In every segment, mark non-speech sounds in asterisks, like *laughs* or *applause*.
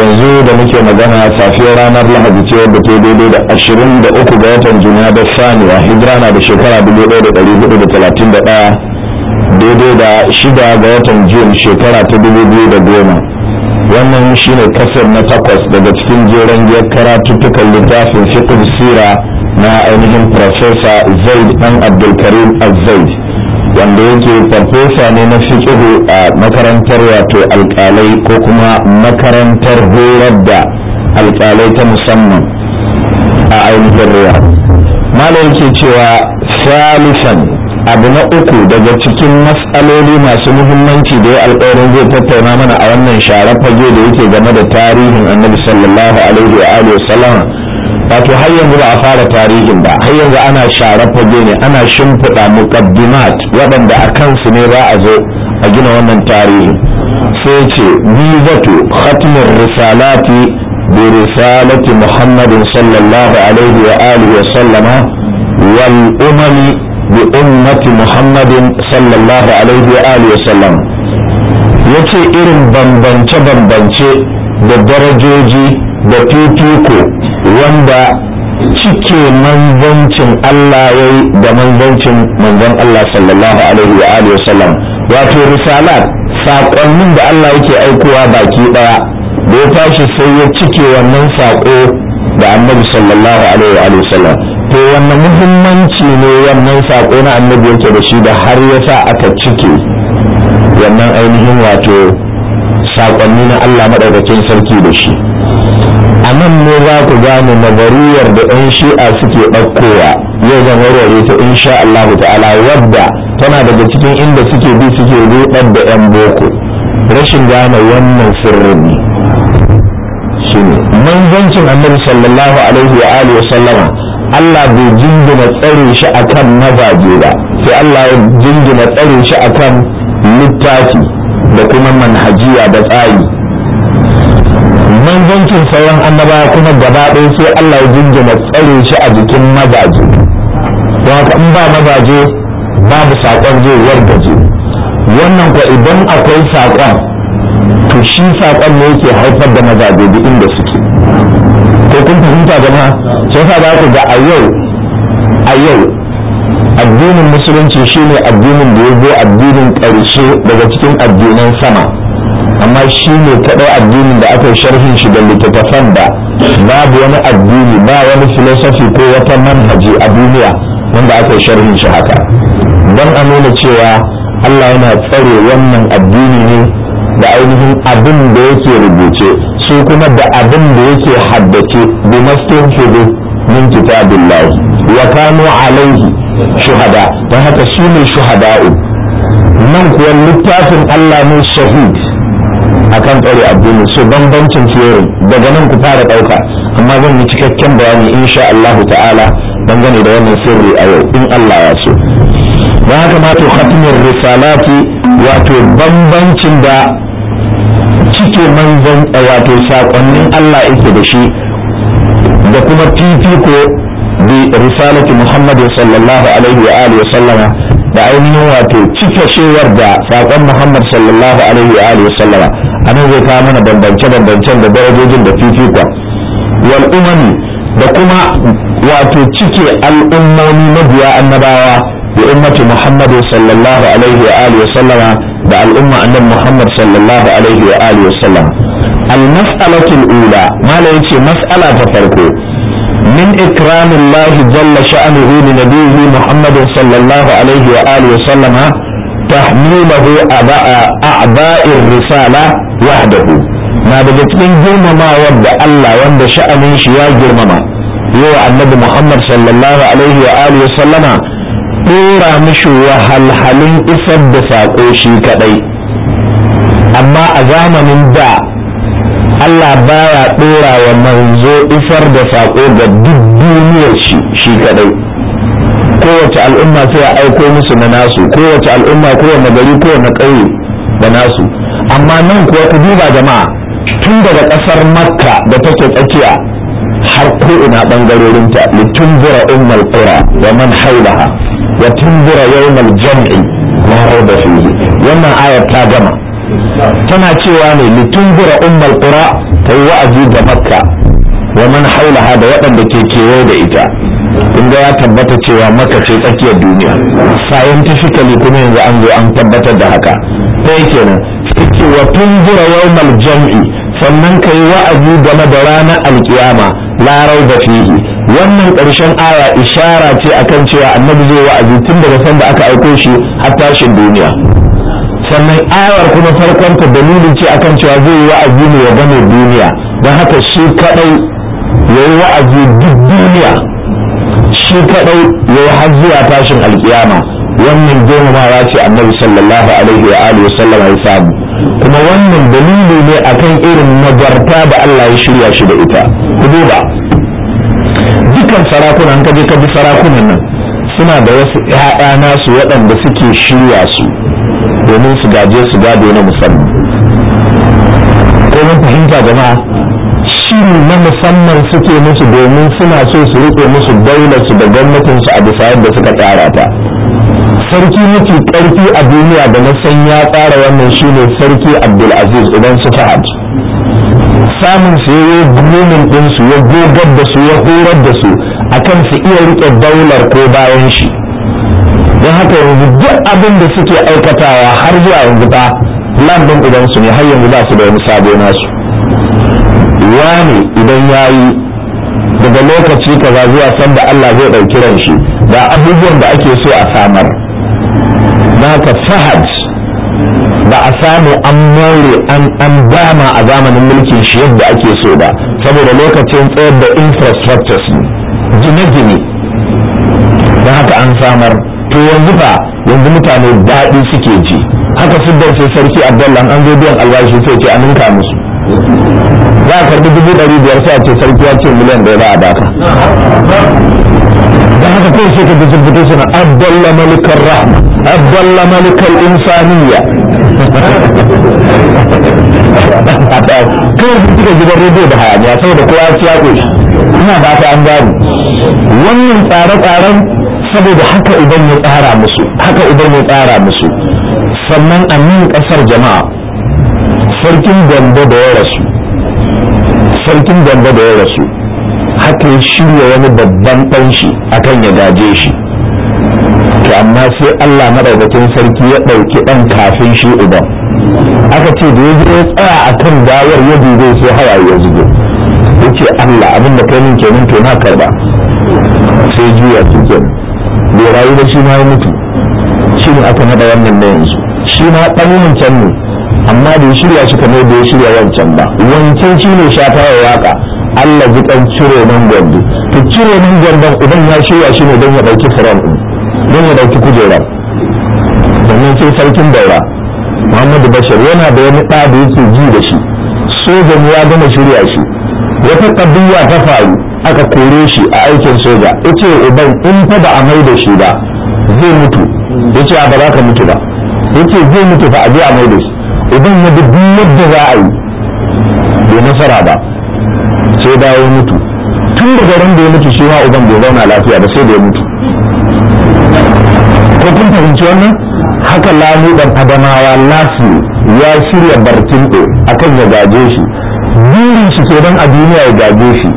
yanzu da muke magana safiyar ranar lahadi ce wadda ta daidai da ashirin da uku ga watan juna da saniya hijira na da shekara dubu ɗaya da ɗari hudu da talatin da ɗaya daidai da shida ga watan jun shekara ta dubu biyu da goma wannan shine kasar na takwas daga cikin jeren giyar karatuttukan littafin fiqh sira na ainihin professor zaid dan abdulkarim azzaid wanda yake farfesa ne na fiƙihu a makarantar wato alƙalai ko kuma makarantar horar da alƙalai ta musamman a ainihin ruwa malam yake cewa salisan abu na uku daga cikin matsaloli masu muhimmanci da ya alƙawarin zai tattauna mana a wannan share fage da yake game da tarihin annabi sallallahu alaihi wa alihi wato har yanzu ba a fara tarihin ba har yanzu ana share fage ne ana shimfiɗa muqaddimat waɗanda a kansu ne za a zo a gina wannan tarihi sai ce bizatu khatmur risalati bi risalati muhammadin sallallahu alaihi wa alihi wa sallama wal umami bi ummati muhammadin sallallahu alaihi wa alihi wa sallam yace irin bambance bambance da darajoji da fifiko wanda cike manzancin Allah yayi da manzancin manzon Allah sallallahu alaihi wa alihi wasallam wato risalat saƙonnin da Allah yake aikowa baki ɗaya da ya tashi sai ya cike wannan saƙo da annabi sallallahu alaihi wa alihi wasallam to wannan muhimmanci ne wannan saƙo na annabi yake da shi da har yasa aka cike wannan ainihin wato saƙonni na Allah maɗaukacin sarki da shi a nan ne za ku gane nazariyar da 'yan shi'a suke ɗaukowa yau zan warware ta insha Allah ta'ala wadda tana daga cikin inda suke bi suke ruɗar da 'yan boko rashin gane wannan sirri shine manzancin annabi sallallahu alaihi wa alihi wa sallama Allah bai jingina tsare shi akan mazaje ba sai Allah ya jingina tsare shi akan littafi da kuma manhajiya da tsari manzancin sauran annaba kuma gaba ɗaya sai Allah ya jingina tsare shi a jikin mazaje don haka in ba mazaje babu saƙon zai wargaje wannan ko idan akwai saƙon to shi saƙon ne yake haifar da mazaje duk inda suke ko kun fahimta jama'a sai ka ga a yau a yau addinin musulunci shine addinin da ya zo addinin ƙarshe daga cikin addinan sama amma shi ne kaɗai addinin da aka yi sharhin shi da littattafan da babu wani addini ba wani filosofi ko wata manhaji a duniya wanda aka yi sharhin shi haka don a nuna cewa Allah yana tsare wannan addini ne da ainihin abin da yake rubuce su kuma da abin da yake haddace bi mastin min kitabillahi wa kanu alaihi shuhada don haka su ne shuhada'u nan kuwa littafin Allah ne shahid kan tsari addini so bambancin fiye daga nan ku fara ɗauka amma zan yi cikakken bayani insha Allah ta'ala dangane da wannan sirri a yau in Allah ya so don haka ma to khatimin risalati wato bambancin da cike manzan wato sakonnin Allah yake da shi da kuma fifiko bi risalati muhammad sallallahu alaihi da ainihin wato cike shewar da sakon muhammad sallallahu alaihi wa alihi sallama anan zai kawo mana bambance bambancen da darajojin da fifikon wal umami da kuma wato cike al'ummomi mabiya annabawa da ummati muhammad sallallahu alaihi wa alihi sallama da al'umma annabi muhammad sallallahu alaihi wa alihi sallama al mas'alatul ula mala yace mas'ala ta farko من إكرام الله جل شأنه لنبيه محمد صلى الله عليه وآله وسلم تحميله أعباء الرسالة وحده ما بدتين جرم ما ود الله وند شأن شيا جرم ما يو النبي محمد صلى الله عليه وآله وسلم ɗora mishi wahalhalin isar da saƙo shi kaɗai amma a zamanin da Allah baya ɗora wa manzo isar da saƙo ga duk duniyar shi shi kadai kowace al'umma sai a aiko musu na nasu kowace al'umma kowane gari kowane ƙauye da nasu amma nan kuwa ku duba jama'a tun daga ƙasar makka da take tsakiya har ko ina ɓangarorinta litunzura ummal qura wa man hawlaha wa tunzura yawmal jam'i la rayba wannan ta gama tana cewa ne litungura ummul qura ta yi wa'azi ga makka wa man haulaha da waɗanda ke kewaye da ita inda ga ya tabbata cewa makka ce tsakiyar duniya scientifically kuma yanzu an zo an tabbatar da haka ta yake nan suke wa tunzura yawmal jam'i sannan ka yi wa'azi game da ranar alkiyama larar da fihi wannan ƙarshen aya ishara ce akan cewa annabi zai wa'azi tun daga sanda aka aiko shi har tashin duniya sannan ayar kuma farkonta dalilin ce akan cewa zai yi wa'azi ne ya gane duniya don haka shi kadai ya yi wa'azi duk duniya shi kadai ya yi har zuwa tashin alkiyama wannan girmamawa ce annabi sallallahu alaihi wa alihi wasallam ya samu kuma wannan dalili ne akan irin nagarta da Allah ya shirya shi da ita ku duba dukkan sarakunan kaje ka bi sarakunan nan suna da wasu ƴaƴa nasu waɗanda suke shirya su domin su gaje su gado na musamman ko mun fahimta jama'a shiri na musamman suke musu domin suna so su riƙe musu daular daularsu da gwamnatinsu a bisa yadda suka tsara ta sarki mafi ƙarfi a duniya da na san ya tsara wannan shine sarki abdulaziz idan su fahad samun su ya gumin ɗinsu ya gogar da su ya horar da su akan su iya rike daular ko bayan shi don haka yanzu duk abin da suke aikatawa har zuwa yanzu ba plan din su ne har yanzu ba su da wani sabo nasu wani idan ya yi daga lokaci kaza zuwa sanda Allah zai ɗauki ran shi ga abubuwan da ake so a samar da haka fahad ba a samu an more an dama a zamanin mulkin shi yadda ake so ba saboda lokacin tsayar da infrastructures gine-gine don haka an samar to yanzu ba yanzu mutane daɗi suke ji haka fuddar sai sarki abdullahi an zo biyan albashi sai ce aminka musu za a karbi dubu ɗari biyar sai a ce sarki ya ce miliyan ɗaya ba a baka da haka kai sai ka ji sun fito suna abdullahi malikar rahma abdullahi malikar insaniya kai sun cika gidan rediyo da hayaniya saboda kowa ya ci ya ƙoshi ina ba ta an gani wannan tsare-tsaren saboda haka idan ya tsara musu haka idan ya tsara musu sannan a nan kasar jama'a sarkin gambo da ya rasu sarkin da ya rasu haka ya shirya wani babban ɗanshi akan ya gaje shi to amma sai Allah madaukakin sarki ya ɗauki ɗan kafin shi uban aka ce da ya je ya tsaya akan gawar ya dube sai hawaye ya zubo yace Allah abin da kai min kenan to na karba sai juya cikin bai rayu ba shi ma ya mutu shi ne aka naɗa wannan da yanzu shi ma ɗan wancan ne amma bai shirya shi kamar da ya shirya wancan ba wancan shi ne shata ya waka Allah zikan ciro nan gwandu to ciro nan gwandon idan ya shirya shi ne don ya ɗauki ɗin, don ya ɗauki kujerar domin sai sarkin daura Muhammadu Bashir yana da wani ɗa da yake ji da shi sojan ya gama shirya shi wata ƙabiya ta faru aka kore shi a aikin soja ce uban in fa ba a mai da shi ba zai mutu Ya ce ba za ka mutu ba Ya ce zai mutu fa a je a mai da shi uban ya bi duk yadda za a yi bai nasara ba sai da ya mutu tun da garin da ya mutu shi ma uban bai zauna lafiya ba sai da ya mutu ko kun fahimci wannan haka lamu adamawa lasu ya shirya bartin akan ya gaje shi burin shi ke don a duniya ya gaje shi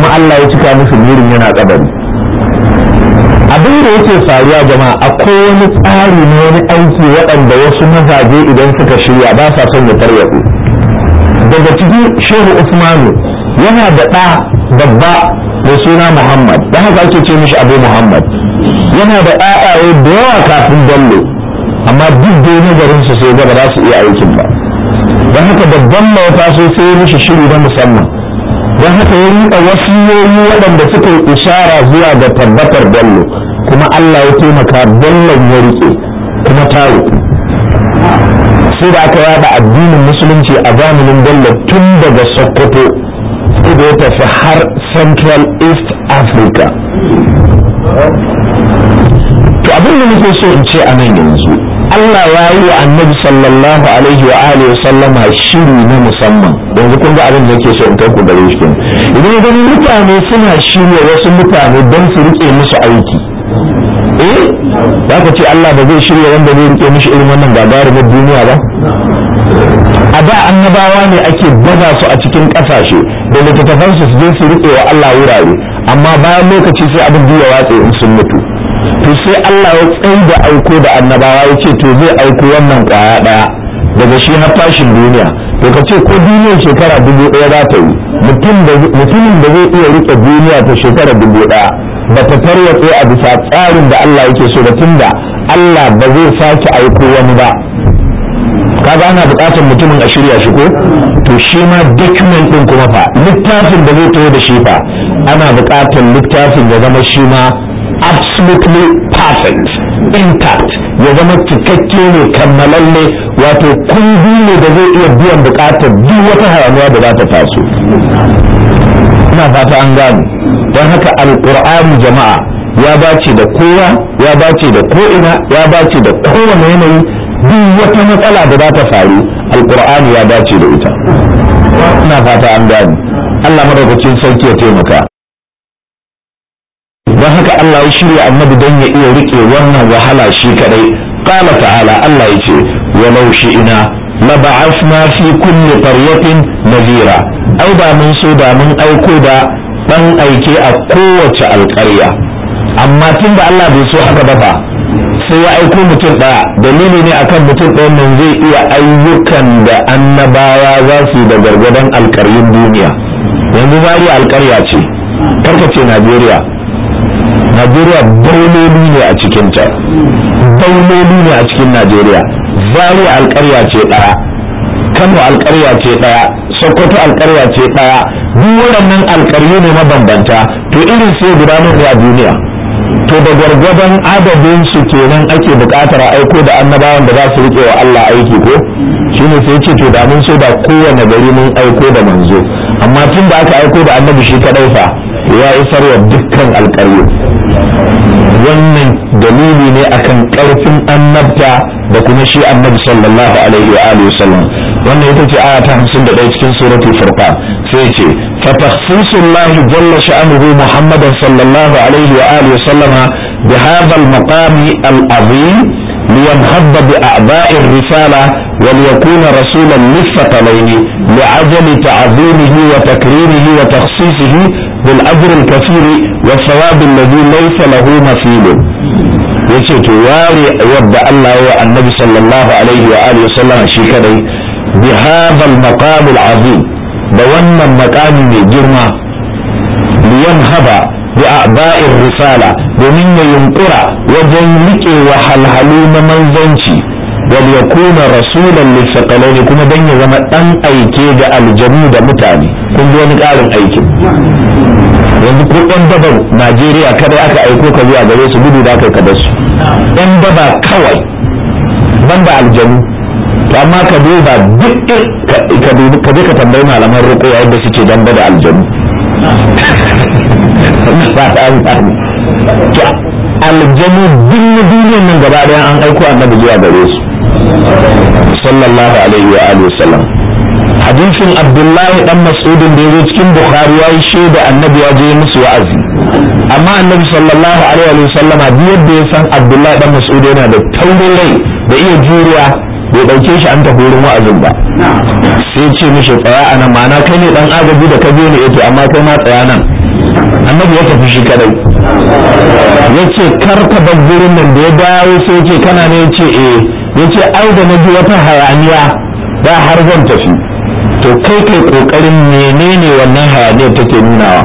kuma Allah ya cika musu burin yana kabari abin da yake faruwa jama'a akwai wani tsari na wani aiki waɗanda wasu mazaje idan suka shirya ba sa son ya tarwatsu daga cikin shehu usmanu yana da ɗa babba mai suna muhammad da haka ake ce mishi abu muhammad yana da ɗa'aye da yawa kafin dallo amma duk da nazarin su sai gaba za su iya aikin ba don haka babban mai taso sai mishi shiri na musamman don haka ya wasu wasiyoyi waɗanda suka yi ishara zuwa ga tabbatar dallo kuma Allah ya taimaka dallon ya rike kuma ta sai da aka yada addinin musulunci a zamanin bello tun daga sokoto sai da ya tafi har central east africa to abin da nake so in ce a nan yanzu Allah ya yi wa annabi sallallahu alaihi wa alihi sallama shiri na musamman yanzu kun ga abin da yake so in kai ku gare shi idan idan mutane suna shirya wasu mutane don su rike musu aiki eh za ka ce Allah ba zai shirya wanda zai rike mishi irin wannan gagarumin duniya ba a da annabawa ne ake baza su a cikin kasashe da littattafansu su je su rike wa Allah wurare amma bayan lokaci sai abin biya watse in sun mutu to sai Allah ya tsaye da aiko da annabawa ya ce to zai aiko wannan kwaya daya daga shi na fashin duniya to ka ce ko duniyar shekara dubu daya za ta yi mutumin da zai iya rike duniya ta shekara dubu daya ba ta tarwatse a bisa tsarin da Allah yake so ba tunda Allah ba zai sake aiko wani ba kaga ana bukatar mutumin a shirya shi ko to shi ma document din kuma fa littafin da zai taho da shi fa ana bukatar littafin ya zama shi ma absolutely perfect intact ya zama cikakke ne kammalalle wato kundi ne da zai iya biyan bukatar duk wata hayaniya da za ta taso ina fata an gane don haka alkur'ani jama'a ya bace da kowa ya bace da ko'ina ya bace da kowane yanayi duk wata matsala da za ta faru alkur'ani ya dace da ita ina fata an gane Allah madaukakin sarki ya taimaka don haka Allah ya shirya annabi don ya iya rike wannan wahala shi kadai qala ta'ala Allah ya ce wa law shi'na la ba'athna fi kulli qaryatin nadhira ai ba mun so da mun aiko da dan aike a kowace alƙarya amma tun da Allah bai so haka ba sai ya aiko mutum ɗaya dalili ne akan mutum ɗayan nan zai iya ayyukan da annabawa za su da gargadin alƙaryun duniya yanzu zari alƙarya ce karkace najeriya najeriya dauloli ne a cikinta dauloli ne a cikin najeriya zari alkarya ce ɗaya kano alkarya ce ɗaya sokoto alkarya ce ɗaya duk waɗannan alkaryu ne mabambanta to irin sai gudanar a duniya to da gwargwadon adadin su kenan ake buƙatar aiko da annabawan da za su riƙe wa Allah aiki ko shine sai ce to da mun so da kowane gari mun aiko da manzo amma tun da aka aiko da annabi shi kadai fa ya isar wa dukkan alkaryu wannan dalili ne akan karfin annabta da kuma shi annabi sallallahu alaihi wa alihi wasallam wannan ita ce aya ta 51 cikin suratul furqan sai ce fa takhsisullahi jalla sha'nuhu muhammadan sallallahu alaihi wa alihi wasallam bi hadha al-maqam al-azim لينهض بأعباء الرسالة وليكون رسولا للثقلين لعجل تعظيمه وتكريمه وتخصيصه bil ajrin kasiri wa sawabin ladhi laysa lahu yace to ware yadda Allah ya annabi sallallahu alaihi wa alihi wasallam shi kadai bi hadha al maqam al azim da wannan maqami mai girma liyan haba bi a'ba'ir risala domin ya yunkura wajen rike wahalhalu na manzanci wal yakuna rasulan lisaqalaini kuma dan ya zama dan aike ga aljanu da mutane sun ji wani ƙarin aikin yanzu ko ɗan dabar najeriya kada aka aiko ka zuwa gare su gudu da kai ka da su ɗan daba kawai da aljanu to amma ka duba duk ka dubi ka je ka tambayi malaman roƙo yadda suke ɗan da aljanu *laughs* to aljanu duk na duniyar nan gaba ɗaya an aiko annabi zuwa gare su sallallahu alaihi wa alihi wasallam hadisin abdullahi dan mas'udin da ya je cikin bukhari ya yi shaida annabi ya musu wa'azi amma annabi sallallahu alaihi wa sallama duk yadda ya san abdullahi dan mas'ud yana da taurin rai da iya juriya bai dauke shi an tafi wurin wa'azin ba sai ce mishi tsaya a nan ma'ana kai ne dan agaji da ka je ne yake amma kai ma tsaya nan annabi ya tafi shi kadai ya ce kar ka bar gurin nan da ya dawo sai ya ce kana ne ya ce eh ya ce ai da na ji wata hayaniya da har zan tafi to kai kai kokarin menene wannan hayaniyar take nunawa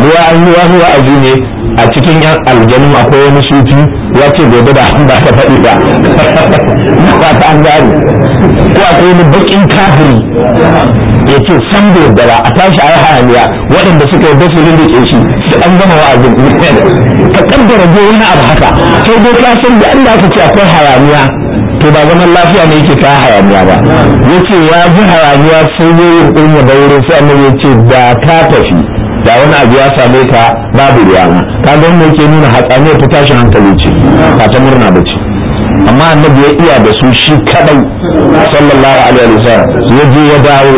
ruwa an yi wani wa'azi ne a cikin yan aljanu akwai wani shuti ya ce gobe da an ba ta faɗi ba na ba ta an gari. ko akwai wani bakin kafiri ya ce san gobe ba a tashi a yi hayaniya waɗanda suka yi basu da ke shi Sai an gama wa'azin ka kaddara wani abu haka sai dai ka san da Allah aka ce akwai hayaniya to ba zaman lafiya ne yake ta hayaniya ba yace ya ji hayaniya sai ya yi din ya wurin sai annabi ce da ka tafi da wani abu ya same ka babu riyama ta ga wannan yake nuna hatsaniya ta tashi hankali ce ba ta murna ba ce amma annabi ya iya da su shi kadai sallallahu alaihi wa ya je ya dawo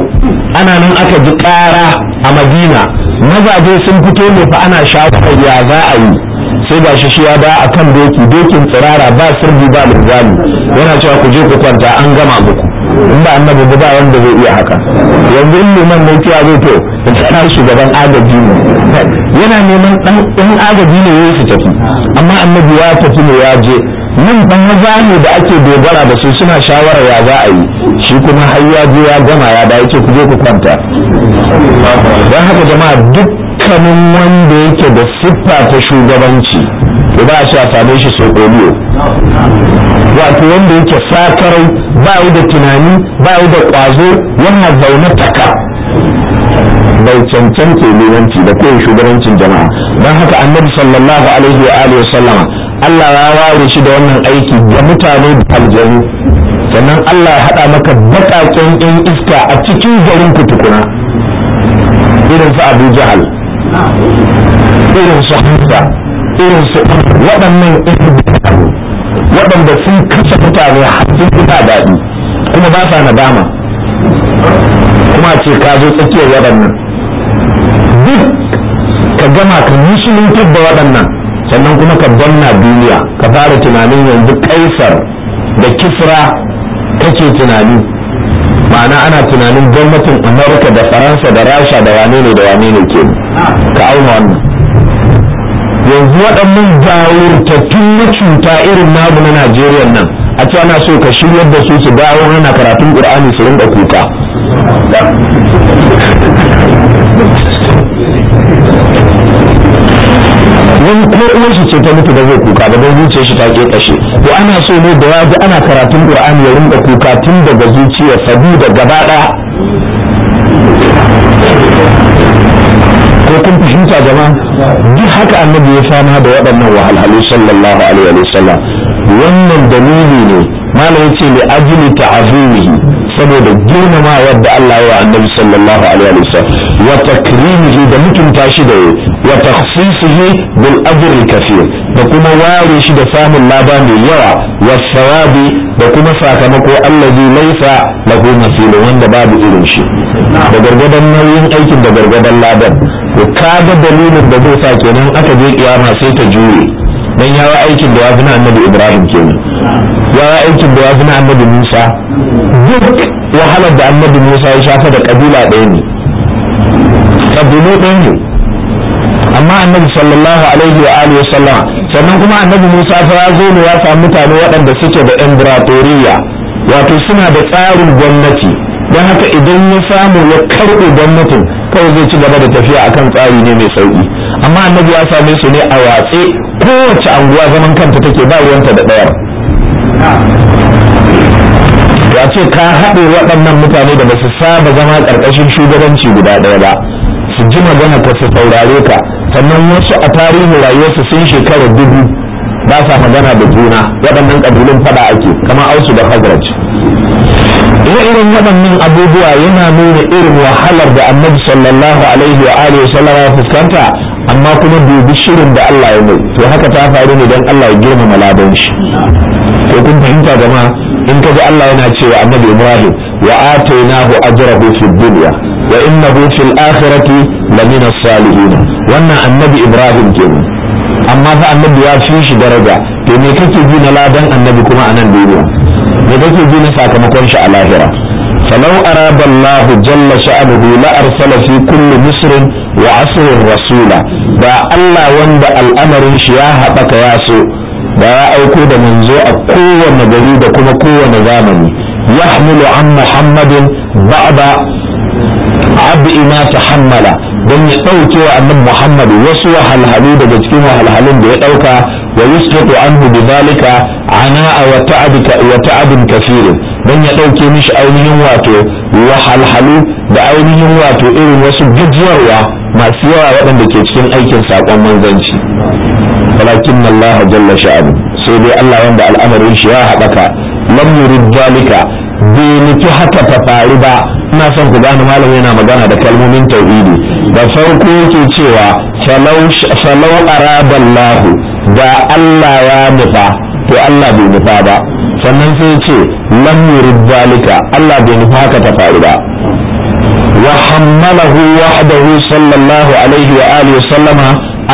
ana nan aka ji kara a madina mazaje sun fito ne fa ana shafa ya za a yi sai ba shi ya da kan doki dokin tsirara ba sirri ba linzali yana cewa ku je ku kwanta an gama muku in ba annabi ba wanda zai iya haka yanzu in liman mai cewa zai to in tsara shugaban agaji ne yana neman dan agaji ne yayi su tafi amma annabi ya tafi ne ya je nan ɗan maza ne da ake dogara da su suna shawara ya za a yi shi kuma har ya je ya gama ya da yake ku je ku kwanta don haka jama'a duk dukkanin wanda yake da siffa ta shugabanci to ba shi a same shi sau ɗoliyo wato wanda yake sakarau ba yi da tunani ba yi da ƙwazo yana zaune taka bai cancanta limanci da kowane shugabancin jama'a don haka annabi sallallahu alaihi wa alihi sallama Allah ya ware shi da wannan aiki ga mutane da aljanu sannan Allah ya haɗa maka baƙaƙen 'yan iska a cikin garin kutukuna irin su Abu Jahal irin su hamza irin su waɗannan irin mutane waɗanda sun kasa mutane sun fi daɗi kuma ba sa nadama kuma ce ka zo tsakiyar waɗannan duk ka gama ka musuluntar da waɗannan sannan kuma ka danna duniya ka fara tunanin yanzu kaisar da kisra kake tunani ma'ana ana tunanin gwamnatin amurka da faransa da rasha da wane ne da wane ne kenan ka auna wannan yanzu waɗannan jawurtattun na cuta irin namu na najeriya nan a ce ana so ka shiryar da su su dawo ana karatun ƙur'ani su rinka kuka wani kuma uwar shi ce ta mutu da zai kuka ba don zuciyar shi ta ke kashe ko ana so ne da ya ana karatun ƙur'ani ya rinka kuka tun daga zuciyar sabu da gaba ɗaya kun fahimta jama'a duk haka annabi ya fama da waɗannan wahalhalu sallallahu alaihi wa sallam wannan dalili ne malam yace li ajli ta'zimihi saboda girmama yadda Allah ya annabi sallallahu alaihi wa sallam wa takrimihi da mutunta shi da wa takhsisihi bil ajri kafir da kuma ware shi da samun laba mai yawa wa sawabi da kuma sakamako allazi laisa lahu nasibun wanda babu irin shi da gargadan nauyin aikin da gargadan ladan to ga dalilin da zai sa kenan aka je kiyama sai ta juye dan yawa aikin da ya annabi ibrahim kenan yawa aikin da ya annabi musa duk wahalar da annabi musa ya shafa da kabila ɗaya ne kabilu ɗaya ne amma annabi sallallahu alaihi wa alihi wasallam sannan kuma annabi musa fa ya zo ne ya samu mutane waɗanda suke da embratoriya wato suna da tsarin gwamnati don haka idan ya samu ya karɓe gwamnatin kawai zai ci gaba da tafiya akan tsari ne mai sauki amma annabi ya same su ne a watse kowace anguwa zaman kanta take ba ruwanta da ɗaya ya ce ka haɗe waɗannan mutane da basu saba zama ƙarƙashin shugabanci guda ɗaya ba su ji magana ka su saurare ka sannan wasu a tarihin rayuwarsu sun shekara dubu ba sa magana da juna waɗannan ƙabilun faɗa ake kamar ausu da hazrat. ire-iren waɗannan abubuwa yana nuna irin wahalar da annabi sallallahu alaihi wa alihi sallama fuskanta amma kuma dubi shirin da Allah ya yi. to haka ta faru ne don Allah ya girmama ladan shi ko kun fahimta jama'a in ka ji Allah yana cewa annabi Ibrahim wa atainahu ajrahu fid dunya wa innahu fil akhirati lamina salihin wannan annabi Ibrahim kenan amma fa annabi ya fi shi daraja to me kake ji na ladan annabi kuma a nan duniya da kake gina sakamakon shi a lahira falau araba Allah jalla sha'anuhu la arsala fi kulli misrin wa asrin rasula da Allah wanda al'amarin shi ya haɓaka ya so da ya aiko da manzo a kowane gari da kuma kowane zamani yahmilu an muhammadin ba'da ab'ima ma tahammala don ya ɗauke wa annabi muhammad wasu wahalhalu daga cikin wahalhalun da ya ɗauka wa yusrifu anhu bidhalika ana'a wa a wata abin kafirin don ya dauke mishi ainihin wato wahalhalu da ainihin wato irin wasu gajiyarwa masu yawa waɗanda ke cikin aikin saƙon manzanci walakin Allah jalla sha'anu sai dai Allah wanda al'amarin shi ya haɓaka lam yurid zalika bai nufi haka ta faru ba ina son ku gane malam yana magana da kalmomin tauhidi da farko yake cewa falau arada Allah da Allah ya nufa to Allah bai nufa ba sannan sai ce lam yurid zalika Allah bai nufa ka ta faru ba wa hammalahu wahdahu sallallahu alaihi wa alihi wa sallama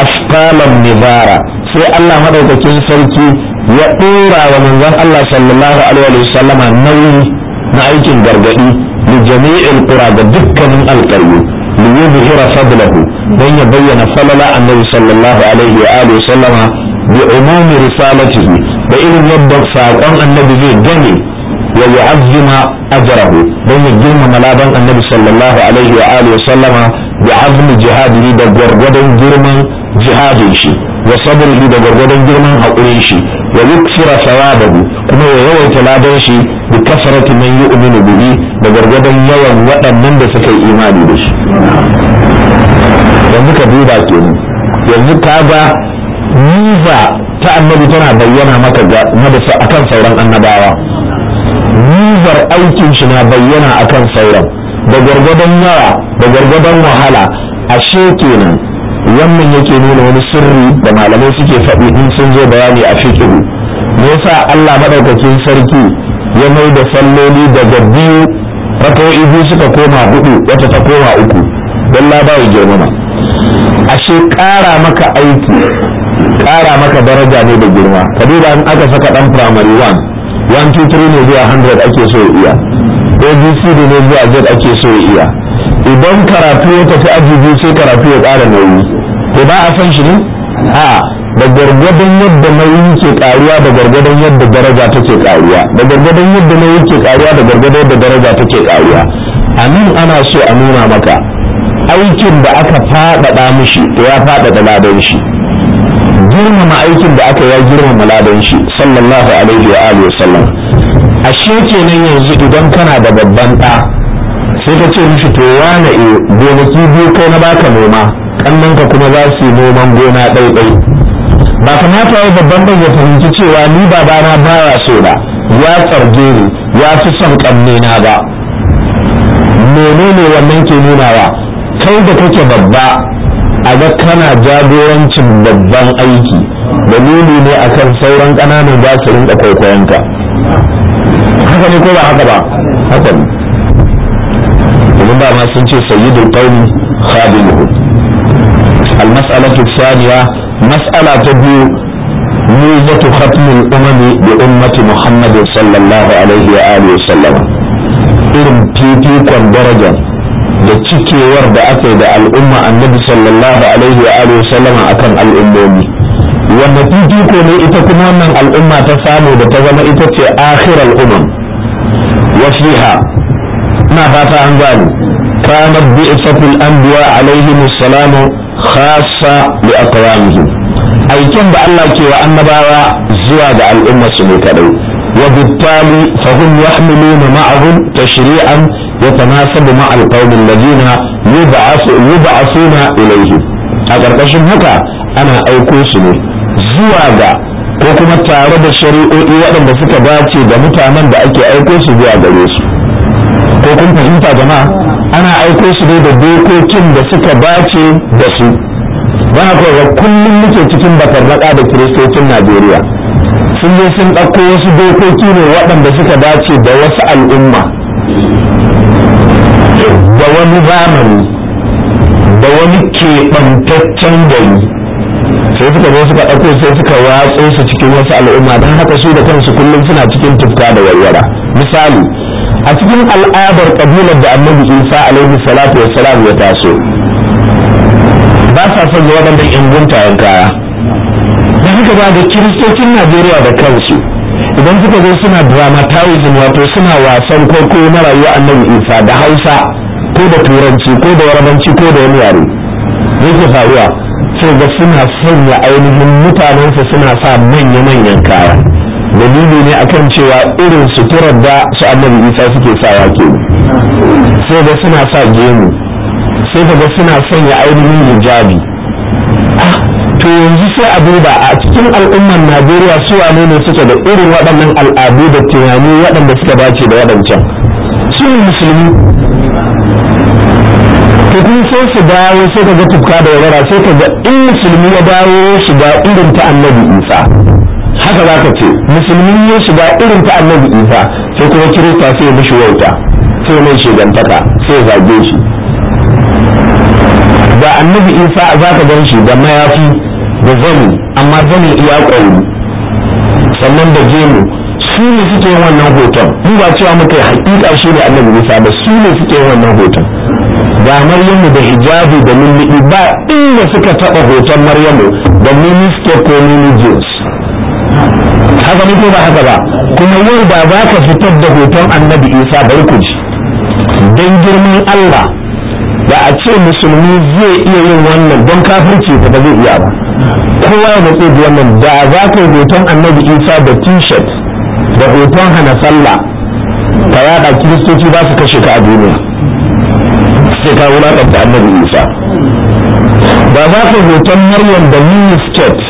asqalan nizara sai Allah madaukakin sarki ya dora wa manzon Allah sallallahu alaihi wa sallama nauyi na aikin gargadi li jami'il qura da dukkanin alqaryu li yuzhira fadlahu dan ya bayyana falala annabi sallallahu alaihi wa alihi wa sallama bi umumi risalatihi da irin yadda saƙon annabi zai gane wa yu'azzima ajrahu don ya girmama ladan annabi sallallahu alaihi wa sallama bi azmi jihadihi da gwargwadon girman jihadin shi wa da gwargwadon girman haƙurin shi wa yuksira sawabahu kuma ya yawaita ladan shi bi kasrati man yu'minu bihi da gwargwadon yawan waɗannan da suka yi imani da shi yanzu ka duba kenan yanzu ka ga niza ta annabi tana bayyana maka a kan sauran annabawa nizar aikin shi na bayyana akan sauran da gwargwadon yawa da gwargwadon wahala ashe kenan wannan yake nuna wani sirri da malamai suke faɗi in sun zo bayani a fikiru me yasa Allah madaukakin sarki ya mai da salloli daga biyu rakawo'i biyu suka koma hudu wata ta koma uku don labarin girmama ashe ƙara maka aiki kara maka daraja ne da girma ka duba in aka saka dan primary one 1 2 3 ne zuwa hundred ake so iya abcd ne zuwa z ake so iya idan karatu ya tafi aji biyu sai karatu ya ƙara nauyi to ba a san shi ne a da gargadon yadda nauyi ke karuwa da gargadon yadda daraja take karuwa da gargadon yadda nauyi ke karuwa da gargadon yadda daraja take karuwa a nan ana so a nuna maka aikin da aka faɗaɗa mishi to ya faɗaɗa ladan shi girmama aikin da aka ya girmama ladan shi sallallahu alaihi wa alihi wasallam ashe kenan yanzu idan kana da babban ɗa sai ka ce mishi to wane e gonaki biyu kai na baka noma ƙannenka kuma za su yi noman gona ɗaiɗai ba kamata ya babban da ya fahimci cewa ni babana baya so ba ya tsarge ni ya fi son ƙannena ba menene wannan ke nunawa kai da kake babba a ga kana jagorancin babban aiki dalili ne akan sauran ƙananan za su rinka kwaikwayonka haka ne ko ba haka ba haka ne domin ba ma sun ce sayyidul qaumi khadimuhu al-mas'alatu thaniya mas'ala ta biyu ميزة ختم الأمم بأمة محمد صلى الله عليه وآله wa sallam. Irin كون darajar. da cikewar da aka yi da al'umma annabi sallallahu alaihi wa alihi sallama akan al'ummomi wanda fifiko ne ita kuma wannan al'umma ta samu da ta zama ita ce akhiral umam wasiha na fata an gani kanat bi'satul anbiya alaihim assalamu khassa li aqwamihim aikin da Allah ke wa annabawa zuwa ga al'umma su ne kadai wa bittali fa hum yahmiluna ma'ahum tashri'an yatanasabu ma alqawmin ladina yub'asu yub'asuna ilayhi a ƙarƙashin haka ana aiko su ne zuwa ga ko kuma tare da shari'o'i waɗanda suka dace da mutanen da ake aiko su zuwa gare su ko kun fahimta jama'a ana aiko su ne da dokokin da suka dace da su don haka ga kullum muke cikin bakarnaka da kiristocin najeriya sun je sun ɗauko wasu dokoki ne waɗanda suka dace da wasu al'umma da wani zamani da wani keɓantaccen gari sai suka zo suka ɗauko sai suka watso su cikin wasu al'umma don haka su da kansu kullum suna cikin tufka da warwara misali a cikin al'adar ƙabilar da annabi isa alaihi salatu wa salam ya taso ba sa son waɗannan inguntayen kaya da haka ba da kiristocin najeriya da kansu idan suka zo suna dramatizing wato suna wasan kwaikwayo na rayuwa annabi isa da hausa ko da turanci ko da yarabanci ko da wani yare yake faruwa sai ga suna sanya ainihin mutanensa suna sa manya-manyan kaya dalili ne akan cewa irin suturar da su annabi isa suke sa ke sai ga suna sa gemu sai ga suna sanya ainihin hijabi to yanzu sai a duba a cikin al'ummar najeriya su wane ne suke da irin waɗannan al'adu da tunani waɗanda suka dace da waɗancan su musulmi to kun sai su dawo sai ka ga tufka da yara sai ka ga in musulmi ya dawo shiga irin ta annabi isa haka za ka ce musulmi ya shiga irin ta annabi isa sai kuma kirista sai mishi wauta sai mai shigantaka sai zage shi da annabi isa za ka gan shi da mayafi da zani amma zani iya ƙwauri sannan da gemu su ne suke wannan hoton mu ba cewa muka yi hakika shi ne annabi musa ba su ne suke wannan hoton ga maryamu da hijabi da mulmi ba inda suka taɓa hoton maryamu da minister ko jeans haka muke ba haka ba kuma yau ba za ka fitar da hoton annabi isa bari ku ji don girman allah da a ce musulmi zai iya yin wannan don kafirci ba zai iya ba kowa ya matse da wannan da za ka yi hoton annabi isa da t-shirt da hoton hana sallah ta yada kiristoci ba su kashe ka a duniya sai ka wulakanta annabi isa da za ka yi hoton maryam da mini skirt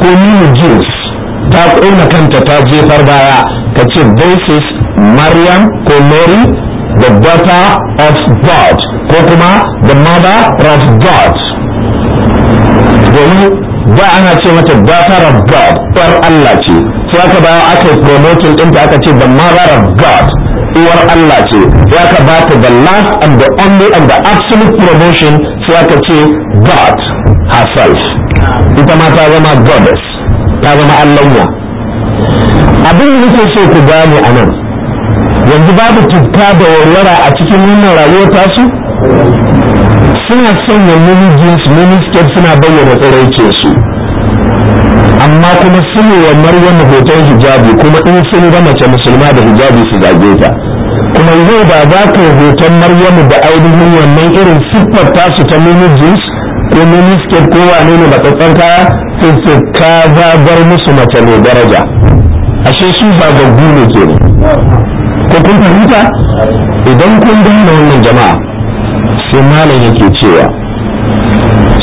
ko mini jeans ta ƙona kanta ta jefar baya ka ce this is maryam ko mary the daughter of god ko kuma the mother of god domin da ana ce mata daughter of God Allah ce sai aka bayan aka yi promoting ɗinta aka ce the mother of God uwar Allah ce sai aka ba ta the last and the only and the absolute promotion sai aka ce God herself ita ma ta zama goddess ta zama allonwa abin da nake so ku gane a nan yanzu babu tutta da warwara a cikin wannan rayuwar tasu suna sanya mini miniskirt suna bayyana tsaraice su amma kuma sun yi wa maryam hoton hijabi kuma in sun ga mace musulma da hijabi su zage ta kuma yau ba za ka yi hoton maryamu da ainihin wannan irin siffar tasu ta mini ko miniskirt ko wane ne ba tsatsan kaya su ka zagar musu mace mai daraja ashe su zagaggu ne ke ko kun fahimta idan kun gane wannan jama'a sai malam yake cewa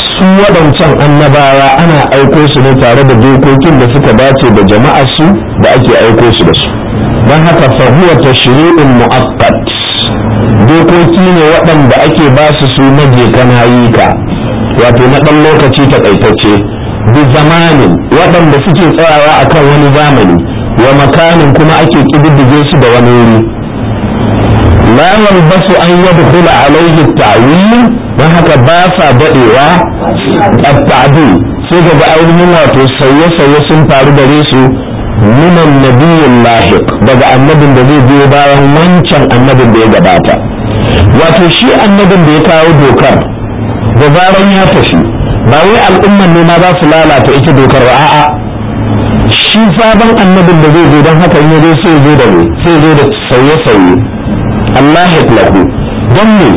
su waɗancan annabawa ana aiko su ne tare da dokokin da suka dace da jama'a su da ake aiko su da su don haka fahuwa ta shirin mu'akkad dokoki ne waɗanda ake ba su su maje kana wato na ɗan lokaci ta taƙaitacce bi zamanin waɗanda suke tsayawa akan wani zamani wa makanin kuma ake ƙididdige su da wani wuri la yalbasu an yadkhula alayhi ta'wil dan haka ba sa dadewa at-ta'dil sai ga ga wato sauye-sauye sun faru gare su min annabiyyin lahiq daga annabin da zai biyo bayan wancan annabin da ya gabata wato shi annabin da ya kawo dokar da zaran ya tafi ba wai al'umman ne ma za su lalata ita dokar ba a'a shi sabon annabin da zai zo don haka in ya zo sai zo da sai zo da sauye-sauye Allah ya lafi don ne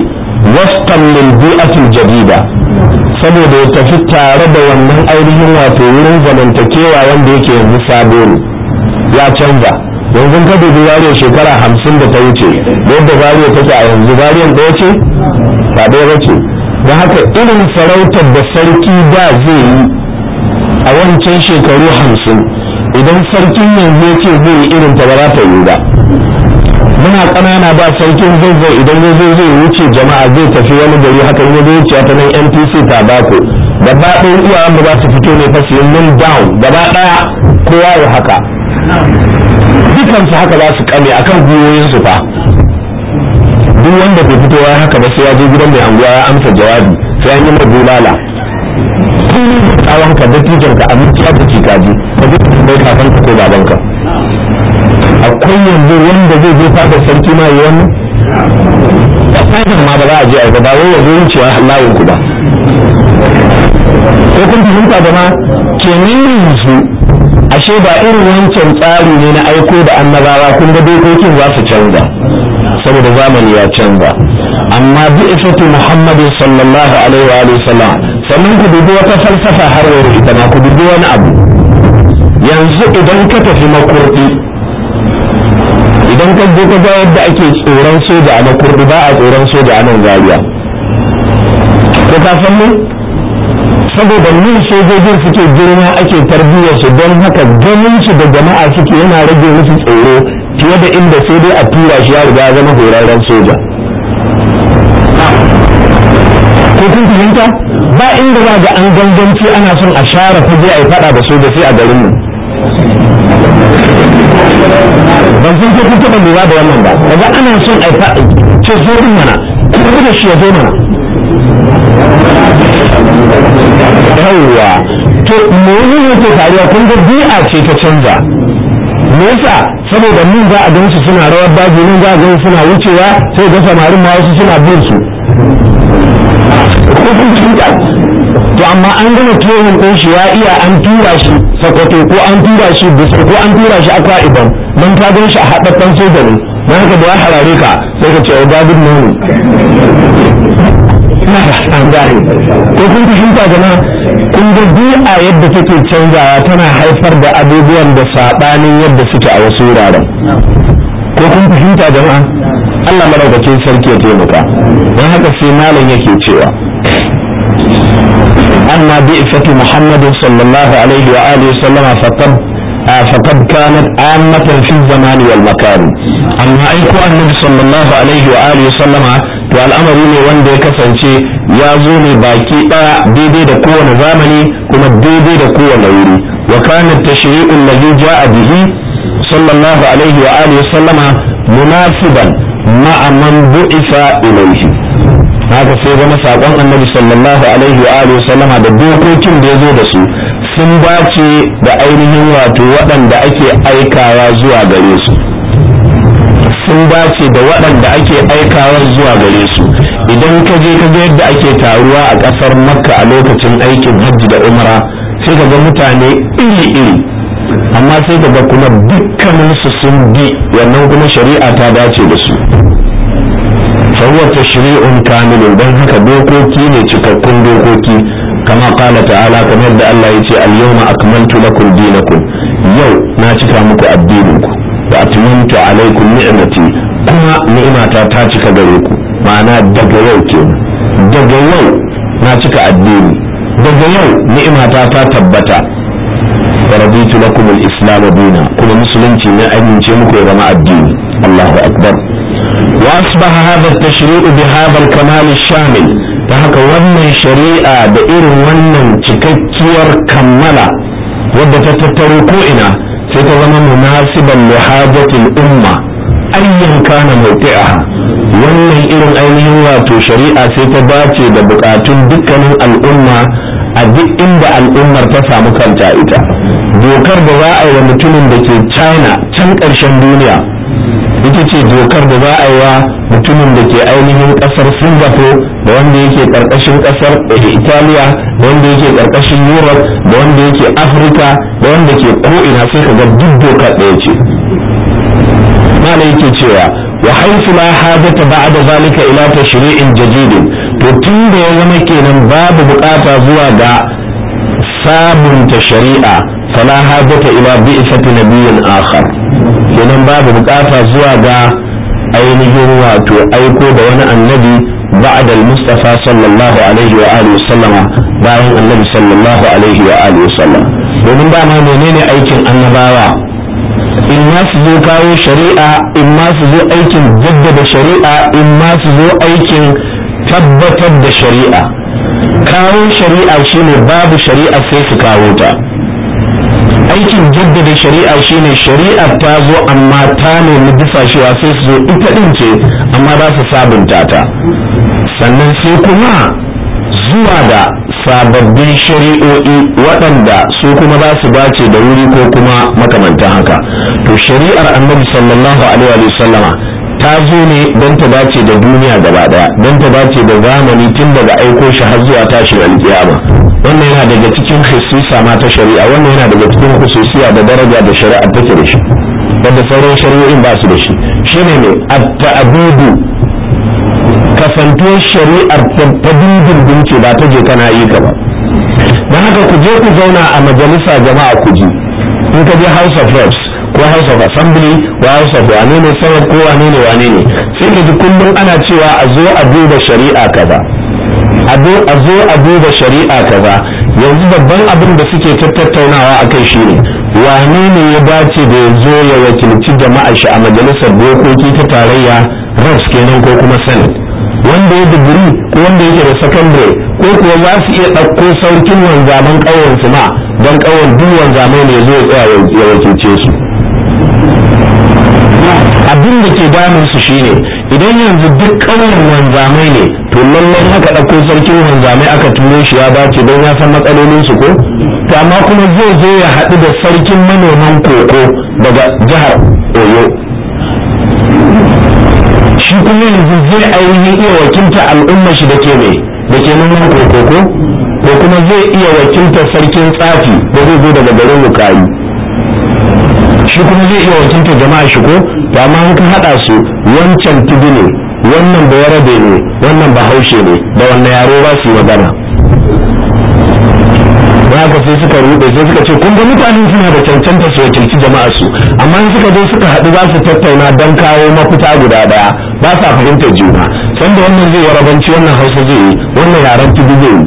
wastan min bi'atul jadida saboda ya tafi tare da wannan ainihin wato wurin zamantakewa wanda yake yanzu sabo ne ya canza yanzu ka dubi wariyar shekara hamsin da ta wuce yadda wariyar take a yanzu wariyar ɗaya ce ba ɗaya ba ce da haka irin sarautar da sarki da zai yi a wancan shekaru hamsin idan sarkin yanzu ya ce zai yi irin ta ba za ta yi ba muna ƙanana ba sarkin zai idan ya zo zai wuce jama'a zai tafi wani gari haka in ya zo wuce ta nan NPC tabako gaba ɗayan iyayen mu za su fito ne fa su yi min down gaba ɗaya kowa ya haka dukansu haka za su kame akan gwiwoyinsu fa duk wanda bai fito ya haka ba sai ya je gidan mai anguwa ya amsa jawabi sai an yi mai bulala tsawon ka dattijan ka abinci ya kaji ka je ka bai kafanka ko babanka akwai yanzu wanda zai je fadar sarki ma yi wani? da fadar ma ba za a je a yi ba wai yanzu wucewa lawun ku ba ko kun fahimta da ma kenan yanzu ashe ba irin wancan tsari ne na aiko da annabawa kun ga dokokin za su canza saboda zamani ya canza amma bi ifati Muhammadu sallallahu alaihi wa sallam sannan ku dubi wata falsafa har yau ita na ku dubi wani abu yanzu idan ka tafi makurdi idan ka je ka ga yadda ake tsoron soja a na kurdi ba a tsoron soja a nan zariya ko ka san saboda min sojojin suke girma ake tarbiyyar su don haka ganin su da jama'a suke yana rage musu tsoro fiye da inda sai dai a tura shi ya riga ya zama horarren soja ko kun fahimta ba inda za ga an ganganci ana son a share fage a yi fada da soja sai a garin mu ban san ko kun taɓa lura da wannan ba daga ana son a ce zo din mana kuma da shi ya zo mana yawwa to mene ne ke faruwa kun ga bi'a ce ta canza me yasa saboda mun za a gansu suna rawar daji nan za a gansu suna wucewa sai ga samarin ma wasu suna bin su ko sun cuta to amma an gama tuwon ɗin shi ya iya an tura shi sakwato ko an tura shi bisa ko an tura shi akwa iban don ta gan shi a haɗaɗɗen soja ne don haka da ya harare ka sai ka ce o babin nono an gane ko kun fahimta gama kun ga bi'a yadda take canzawa tana haifar da abubuwan da saɓanin yadda suke a wasu wuraren ko kun fahimta jama'a Allah madaukakin sarki ya taimaka don haka sai malam yake cewa أما بئفة محمد صلى الله عليه وآله وسلم فقد فقد كانت عامة في الزمان والمكان أما أيكو النبي صلى الله عليه وآله وسلم to al'amari ne wanda ya kasance ya zo ne baki ɗaya daidai da kowane zamani kuma daidai da kowane wuri wa kana tashri'u a ja'a bihi sallallahu alaihi wa alihi sallama munasiban ma'a man bu'isa ilayhi haka sai zama saƙon annabi sallallahu alaihi wa alihi sallama da dokokin da ya zo da su sun bace da ainihin wato waɗanda ake aikawa zuwa gare su sun bace da waɗanda ake aikawa zuwa gare su idan ka je ka ga yadda ake taruwa a ƙasar makka a lokacin aikin hajji da umra sai ka ga mutane iri-iri amma sai kaga kuma dukkaninsu sun bi wannan kuma shari'a ta dace da su فهو تشريع كامل بل هكا دوكوكي لتككم دوكوكي كما قال تعالى كما يبدأ الله يتي اليوم اكملت لكم دينكم يو ناتفا مكو أبدينكم واتممت عليكم نعمتي كما نعمة تاتيك غريكم معناه دغيو كينا دقيو ناتك أديني دغيو نعمة تاتا تبتا ورضيت لكم الاسلام دينا كل مسلم تينا أمين تيمكو يرمى الدين الله اكبر wasu ta واصبح هذا التشريع بهذا الكمال الشامل فهكا ونن شريعة بئر ونن تكتير كملا ودى تتركوئنا ستظن مناسبا لحاجة الأمة أيا كان موقعها wannan irin ainihin wato shari'a sai ta bace da bukatun dukkanin al'umma a duk inda al'ummar ta samu kanta ita dokar da za a yi wa mutumin da ke china can ƙarshen duniya ita ce dokar da za a yi wa mutumin da ke ainihin kasar singapore da wanda yake karkashin kasar italiya da wanda yake karkashin europe da wanda yake afirka da wanda ke ko'ina sai ka ga duk dokar ɗaya ce mana yake cewa wa haifu la hajata ba'da zalika ila tashri'in jadidin to tun da ya zama kenan babu bukata zuwa ga sabunta shari'a fala hajata ila na nabiyyin akhar kenan babu bukata zuwa ga ainihin wato aiko da wani annabi ba'da al-mustafa sallallahu alaihi wa alihi sallama bayan annabi sallallahu alaihi wa alihi sallam domin dama menene aikin annabawa in ma su zo kawo shari'a in ma su zo aikin jaddada shari'a in ma su zo aikin tabbatar da shari'a kawo shari'a shine babu shari'a sai su kawo ta aikin jaddada shari'a shine shari'a ta zo amma ta nemi dusashewa sai su zo ita din ce amma za su sabunta ta sannan sai kuma zuwa da sababbin shari'o'i waɗanda su kuma za su dace da wuri ko kuma makamantan haka to shari'ar annabi sallallahu alaihi wa sallama ta zo ne don ta dace da duniya gaba daya don ta dace da zamani tun daga aiko shi har zuwa tashi alkiyama wannan yana daga cikin hususa ma ta shari'a wannan yana daga cikin hususiya da daraja da shari'a take da shi wanda sauran shari'o'in ba su da shi shine ne at-ta'budu kasantuwar shari'ar ta dubin dince ba ta je kana yi ka ba don haka ku je ku zauna a majalisa jama'a ku ji in ka je house of reps ko house of assembly ko house of wane ne sanar ko wane ne wane ne sai ka ji kullum ana cewa a zo a duba shari'a kaza a zo a duba shari'a kaza yanzu babban abin da suke tattaunawa a kai shi shine wane ne ya dace da ya zo ya wakilci jama'a shi a majalisar dokoki ta tarayya rafs kenan ko kuma senate wanda ya digiri ko wanda yake da sakandare ko kuwa za su iya ɗauko saukin wanzaman ƙauyen su ma don ƙauyen duk wanzamai ne zo ya tsaya ya wakilce su abin da ke damun su shine idan yanzu duk ƙauyen wanzamai ne to lallai aka ɗauko sarkin wanzamai aka turo shi ya dace don ya san matsalolin su ko to amma kuma zai zo ya haɗu da sarkin manoman koko daga jihar oyo shi kuma yanzu zai ainihin iya wakilta al'umma shi da ke ne da ke koko ko ko kuma zai iya wakilta sarkin tsafi da zai zo daga garin mukayi shi kuma zai iya wakilta jama'a shi ko to amma ka haɗa su wancan tudu ne wannan bayarabe ne wannan bahaushe ne da wannan yaro ba su magana ba ka sai suka rube sai suka ce kun ga mutane suna da cancanta su wakilci jama'a su amma suka zo suka haɗu za su tattauna don kawo mafita guda ɗaya ba sa fahimtar juna sanda wannan zai yarabanci wannan hausa zai yi wannan yaren tudu zai yi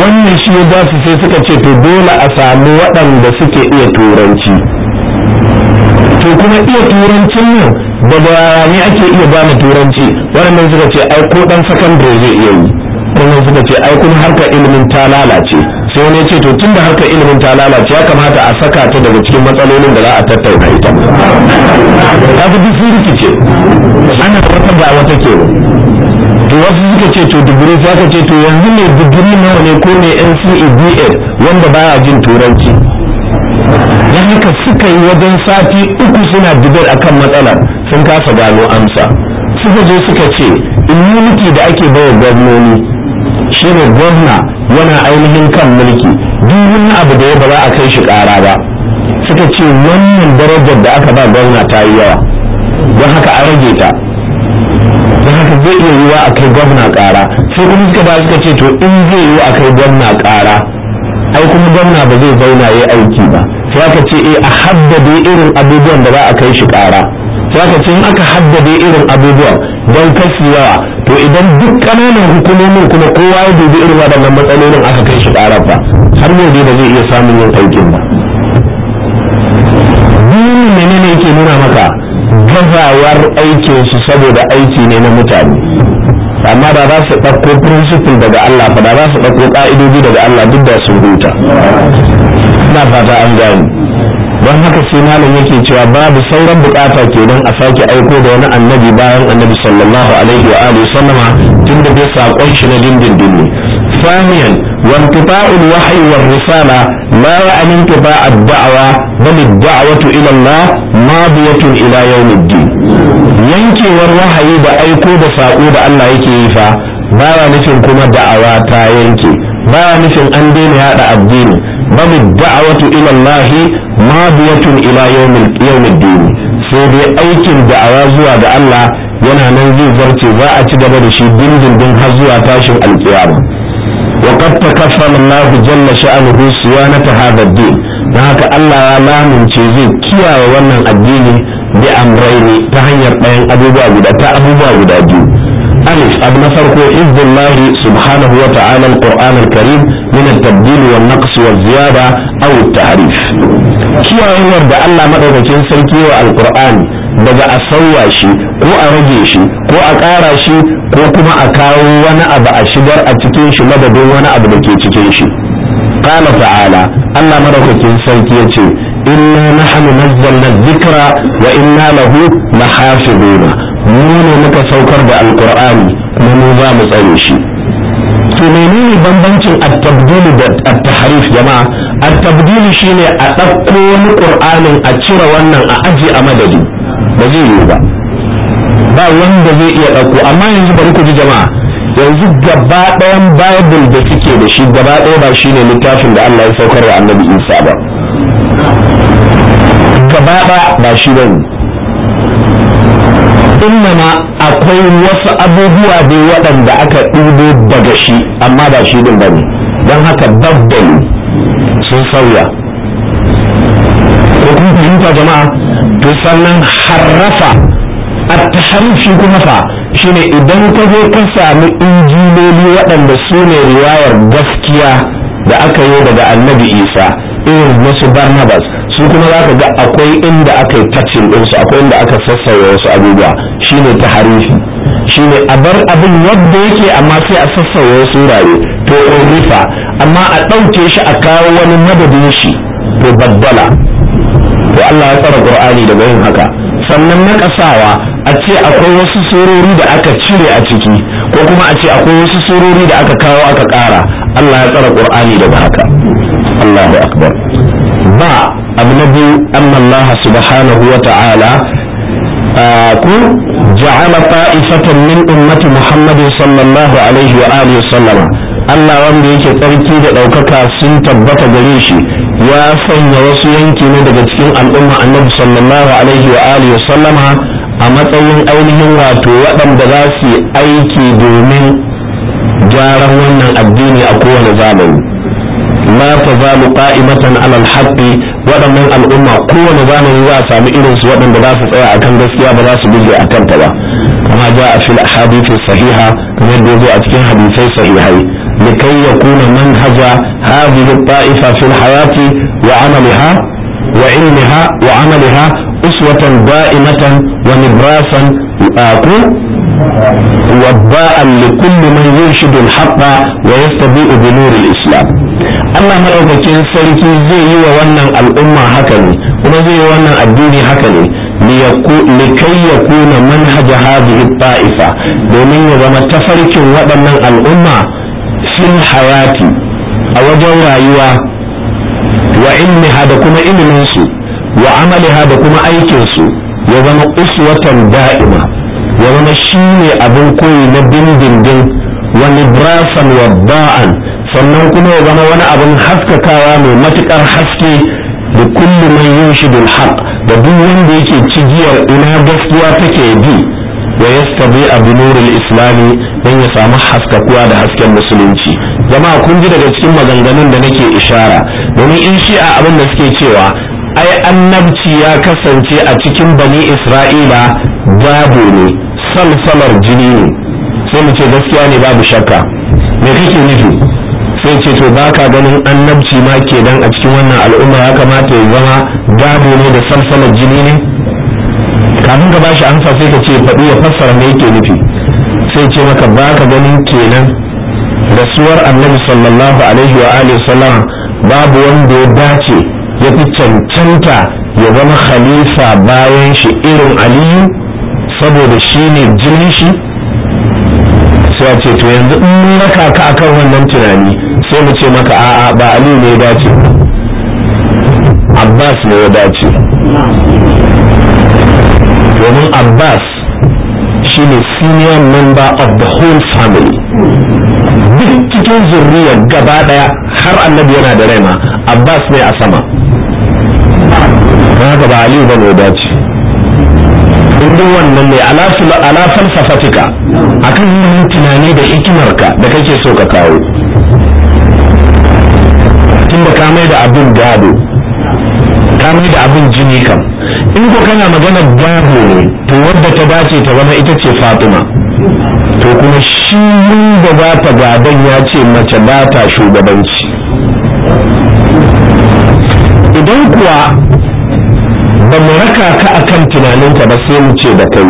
wannan shi ya su sai suka ce to dole a samu waɗanda suke iya turanci to kuma iya turancin nan daga ne ake iya ba mu turanci waɗannan suka ce ai ko dan sakandare zai iya yi waɗannan suka ce ai kuma harka ilimin ta lalace sai wani ce to tunda harka ilimin ta lalace ya kamata a saka ta daga cikin matsalolin da za a tattauna ita ta fi duk sun rikice ana wata ga wata ke to wasu suka ce to digiri sai aka ce to yanzu ne digiri nawa ne ko ne NCE wanda baya jin turanci ya haka suka yi wajen sati uku suna dibar akan matsalar sun kasa gano amsa suka je suka ce immunity da ake baiwa gwamnoni shine gwamna yana ainihin kan mulki duk wani abu da ya ba za a kai shi kara ba suka ce wannan darajar da aka ba gwamna ta yi yawa don haka a rage ta don haka zai iya yiwa a kai gwamna kara sai kuma suka ba suka ce to in zai yiwa a kai gwamna kara ai kuma gwamna ba zai zauna ya aiki ba sai aka ce eh a haddade irin abubuwan da za a kai shi kara zaka ce in aka haddade irin abubuwa don kasu yawa to idan duk kananan hukumomin kuma kowa ya dubi irin waɗannan matsalolin aka kai shi ƙarar ba har gobe da zai iya samun yin aikin ba ne menene yake nuna maka gazawar aikin su saboda aiki ne na mutane amma da za su ɗauko principle daga Allah fa da za su ɗauko ƙa'idoji daga Allah duk da sun huta na fata an gani don haka sai malam yake cewa babu sauran bukata kenan a sake aiko da wani annabi bayan annabi sallallahu alaihi wa alihi sallama tun da dai sakon shi na dindindin ne ثانيا وانقطاع الوحي والرسالة لا يعني انقطاع الدعوة بل الدعوة إلى الله ماضية إلى يوم الدين ينكي والوحي بأيكو بساقو بأن لا يكيفا بايا نتن كما دعوة تا baya nufin an daina yada addini babu da'awatu ila Allah madiyatun ila yawmil din sai dai aikin da'awa zuwa ga Allah yana nan zai zarce za a ci gaba da shi dindindin har zuwa tashin alkiyama wa qad takaffala Allah jalla sha'anuhu siyanata hadha ad-din dan haka Allah ya lamince zai kiyaye wannan addini bi amrayni ta hanyar ɗayan abubuwa guda ta abubuwa guda biyu alif abu na farko izbillahi subhanahu wa ta'ala alquran alkarim min at-tabdil wa naqs wa ziyada aw at-ta'rif kiyayewar da Allah madaukakin sarki wa alqur'ani daga a sauya shi ko a rage shi ko a ƙara shi ko kuma a kawo wani abu a shigar a cikin shi madadin wani abu da ke cikin shi qala ta'ala Allah madaukakin sarki ya ce inna nahnu nazzalna dhikra wa inna lahu lahafizuna mu ne muka saukar da alkur'ani kuma mu za mu tsare shi to menene bambancin at-tabdil da at-tahrif jama'a at-tabdil shine a ɗauko wani qur'anin a cire wannan a aje a madadi ba zai yi ba ba wanda zai iya ɗauko amma yanzu bari ku ji jama'a yanzu gaba ɗayan bible da suke da shi gaba ɗaya ba shine littafin da Allah ya saukar da Annabi Isa ba gaba ba shi bane sunnama akwai wasu abubuwa dai waɗanda aka ɗibo daga shi amma ba shi ɗin bane don haka babbali sun sauya ko kun fahimta jama'a to sannan harrafa a taharifi kuma fa shine idan ka zo ka sami injiloli waɗanda su ne riwayar gaskiya da aka yi daga annabi isa irin wasu barnabas su kuma za ka ga akwai inda aka yi tacin ɗinsu akwai inda aka sassauya wasu abubuwa shine ta harifi shine a bar abin yadda yake amma sai a sassauya wasu wurare to orifa amma a ɗauke shi a kawo wani madadin shi to babbala to Allah ya tsara Qur'ani daga yin haka sannan na kasawa a ce akwai wasu surori da aka cire a ciki ko kuma a ce akwai wasu surori da aka kawo aka ƙara Allah ya tsara Qur'ani daga haka Allahu akbar ba abu na biyu annallaha subhanahu wa ta'ala uh, ku ja'ala ta'ifatan min ummati muhammadin sallallahu alaihi wa alihi sallama Allah wanda yake tsarki da ɗaukaka sun tabbata gare shi ya sanya wasu yanki ne daga cikin al'umma annabi sallallahu alaihi wa alihi sallama a matsayin ainihin wato waɗanda za su aiki domin gyaran wannan addini a kowane zamani la tazalu qa'imatan ala al-haqqi waɗannan al'umma kowane zamani za a sami irin su waɗanda za su tsaya akan gaskiya ba za su bulle a kanta ba kama ja a fil ahadithu sahiha kamar yadda zo a cikin hadisai sahihai likai yakuna manhaja hadhihi ta'ifa fil hayati wa amaliha wa ilmiha wa amaliha uswatan da'imatan wa nibrasan ku وضاء لكل من يرشد الحق ويستضيء بنور الإسلام Allah maɗaukakin sarki zai yi wa wannan al'umma haka ne kuma zai yi wannan addini haka ne likai ya kuna manhaja hadhihi ta'ifa domin ya zama tafarkin waɗannan al'umma sun hayati a wajen rayuwa wa ilmiha da kuma iliminsu wa amaliha da kuma aikinsu ya zama uswatan da'ima ya zama shi ne abin koyi na dindindin wani brafan wa ba'an sannan kuma ya zama wani abin haskakawa mai matukar haske da kullum man yunshidul haq da duk wanda yake cigiyar ina gaskiya take bi wa yastabi a nurul islami don ya samu haskakuwa da hasken musulunci zama kun ji daga cikin maganganun da nake ishara domin in shi'a abin da suke cewa ai annabci ya kasance a cikin bani isra'ila babu ne salsalar jini ne sai mu ce gaskiya ne babu shakka me kake nufi sai ce to ba ka ganin annabci ma kenan a cikin wannan al'umma ya kamata ya zama gado ne da salsalar jini ne kafin ka bashi amsa sai ka ce faɗi ya fassara me yake nufi sai ce maka ba ka ganin kenan rasuwar annabi sallallahu alaihi wa alihi sallam babu wanda ya dace ya fi cancanta ya zama khalifa bayan shi irin aliyu saboda shi ne jinin shi sai a ce to yanzu in mun raka ka akan wannan tunani sai mu ce maka a'a ba ali ne ya dace abbas ne ya dace domin abbas shi ne senior member of the whole family duk cikin zurriyar gaba daya har annabi yana da ma abbas ne a sama haka ba aliyu ba ne ya dace domin wannan ne ala falsafatika akan yin tunani da hikimarka da kake so ka kawo tun da ka da abin gado kamai da abin jini kam in ko kana magana gado ne to wadda ta dace ta zama ita ce fatima to kuma shi da za ta gadon ya ce mace ba ta shugabanci idan kuwa ba mu raka ka kan tunaninka ba sai mu ce da kai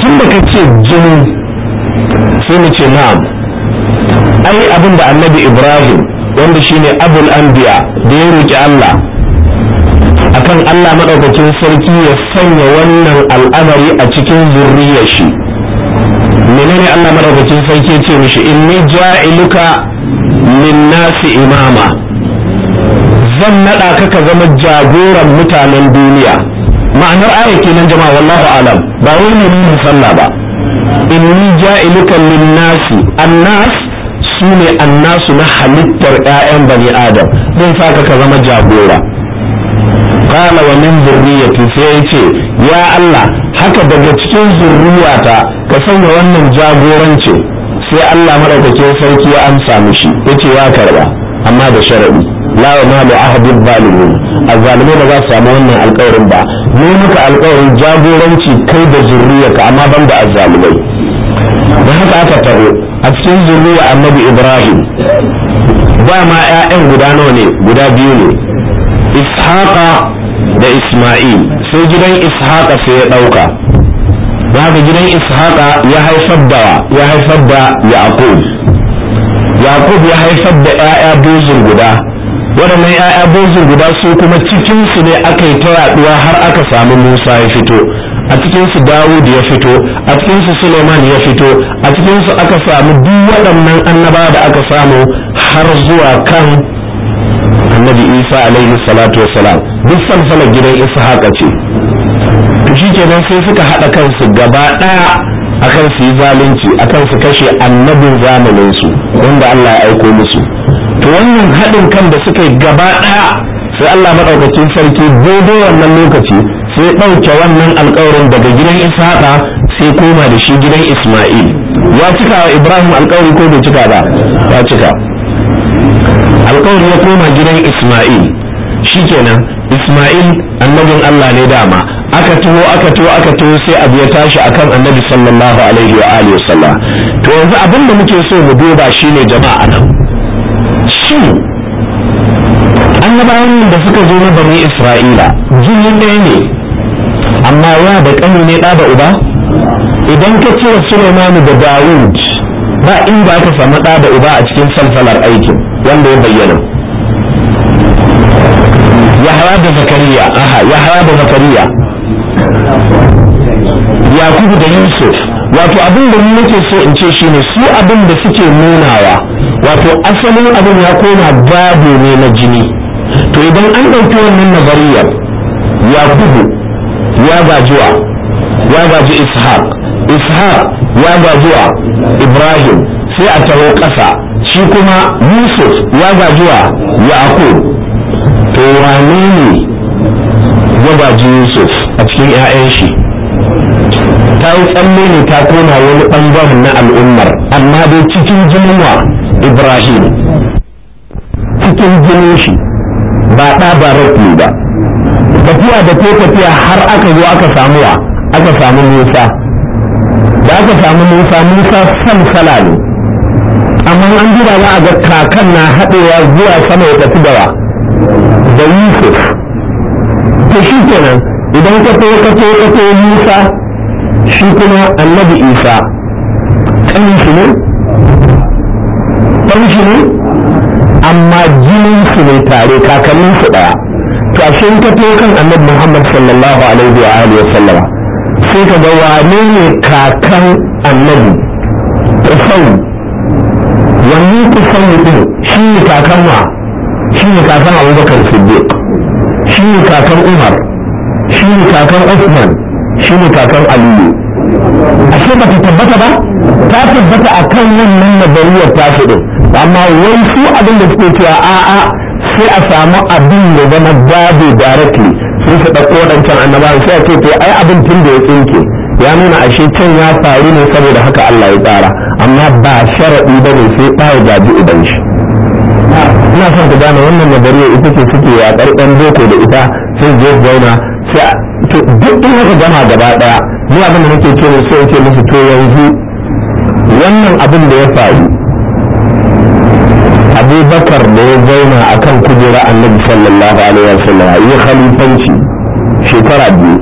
tun da ka ce jini sai mu ce na'am ai abin da annabi ibrahim wanda shine abul anbiya da ya roƙi allah A kan allah maɗaukacin sarki ya sanya wannan al'amari a cikin zurriyar shi menene allah maɗaukacin sarki ya ce mishi Ni ja'iluka min nasi imama zan naɗa ka ka zama jagoran mutanen duniya ma'anar ayar kenan jama'a wallahu alam ba wai ne mun sallah ba inni ja'iluka lin-nasi annas sune annasu na halittar ƴaƴan bani adam zan saka ka zama jagora qala wa min zurriyyati sai ce ya Allah haka daga cikin zurriyata ka sanya wannan jagoranci sai Allah madaukake sarki ya amsa mishi yace ya karba amma da sharadi la yanalu ahadin zalimin azzalimai ba za su samu wannan alƙawarin ba ne muka alƙawarin jagoranci kai da ka amma ban da azzalimai da haka aka taho a cikin zurriya annabi ibrahim ma 'ya'yan guda nawa ne guda biyu ne ishaqa da isma'il sai gidan ishaqa sai ya ɗauka da haka gidan ishaqa ya haifar da ya haifar da yaqub yaqub ya haifar da ƴaƴa dozin guda waɗannan ‘ya'ya bozin guda su kuma cikinsu ne aka yi ta yaɗuwa har aka samu musa ya fito a cikinsu dawud ya fito a cikinsu suleiman ya fito a cikinsu aka samu duk waɗannan annaba da aka samu har zuwa kan annabi isa alaihi salatu wasalam duk salsalar gidan ishaqa ce shi kenan sai suka haɗa kansu gaba ɗaya akan su yi zalunci akan su kashe annabin zamaninsu wanda allah ya aiko musu to wannan haɗin kan da suka yi gaba ɗaya sai Allah maɗaukakin sarki daidai wannan lokaci sai ɗauke wannan alƙawarin daga gidan ishaqa sai koma da shi gidan isma'il ya cika wa ibrahim alƙawari ko bai cika ba ya cika alƙawari ya koma gidan isma'il shikenan isma'il annabin allah ne dama aka tuho aka tuho aka tuho sai abu ya tashi akan annabi sallallahu alaihi wa alihi wasallam to yanzu abin da muke so mu duba shine jama'a nan shin annabawan da suka zo na bani isra'ila jinin ɗaya ne amma ya da ƙani ne ɗa da uba idan ka cire sulaimanu da dawud ba inda aka samu ɗa da uba a cikin salfalar aikin wanda ya bayyana yahra da zakariya aha yahra da zakariya yakubu da yusuf wato abin da ni nake so in ce shine su abin da suke nunawa wato asalin abin ya koma gado ne na jini to idan an ɗauki wannan nazariyar ya kudu ya gajuwa ya gaji ishaq ishaq ya gajuwa ibrahim sai a taho ƙasa shi kuma yusuf ya gajuwa ya aku to wane ne ya gaji yusuf a cikin 'ya'yan shi ta yi tsalle ne ta kona wani ɓangaren na al'ummar amma dai cikin jimuwa ibrahim cikin jinin shi ba ɗa ba rafi ba tafiya da ta tafiya har aka zo aka samu wa aka samu musa da aka samu musa musa salsala ne amma an jira za a ga kakan na haɗewa zuwa sama ya tafi da wa da yusuf to shi kenan idan ka to ka to ka to musa shi kuma annabi isa kan shi ne ɗan shi ne amma jinin su ne tare kakannin su ɗaya to a shin ka kan annabi muhammad sallallahu alaihi wa alihi wa sallama sai ka ga wane ne kakan annabi kusan wani kusan mutum shi ne kakan wa shi ne kakan abubakar siddiq shi ne kakan umar shi ne kakan usman shi ne kakan aliyu ashe ba ta tabbata ba ta tabbata a kan wannan nazariyar tasu ɗin amma wai su abin da suke cewa a'a sai a samu abin da zama babu directly sun su ɗauko waɗancan annaba sai a ce to ai abin tun da ya tsinke ya nuna ashe can ya faru ne saboda haka Allah ya tsara amma ba sharaɗi ba ne sai ɗaya gaji idan shi ina son ka gane wannan nazariya ita ce suke ya ɗan boko da ita sai je zauna sai duk in haka gama gaba ɗaya ni abin da nake ce ne sai ce musu to yanzu wannan abin da ya faru bakar da ya zauna a kan kujera annabi sallallahu alaihi wa wasallam yi khalifanci shekara biyu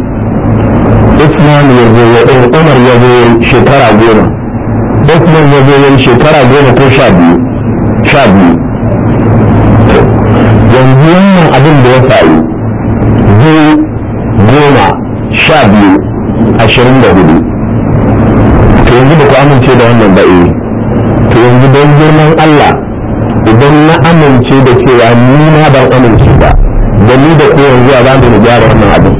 usman ya zo ya eh, umar ya zo shekara goma usman ya zo ya shekara goma ko sha biyu sha biyu yanzu wannan abin da ya faru biyu goma sha biyu ashirin da hudu to yanzu ba ku amince da wannan ba eh to yanzu don girman allah idan na amince da cewa ni na ban amince ba da ni da ko yanzu za mu gyara wannan abin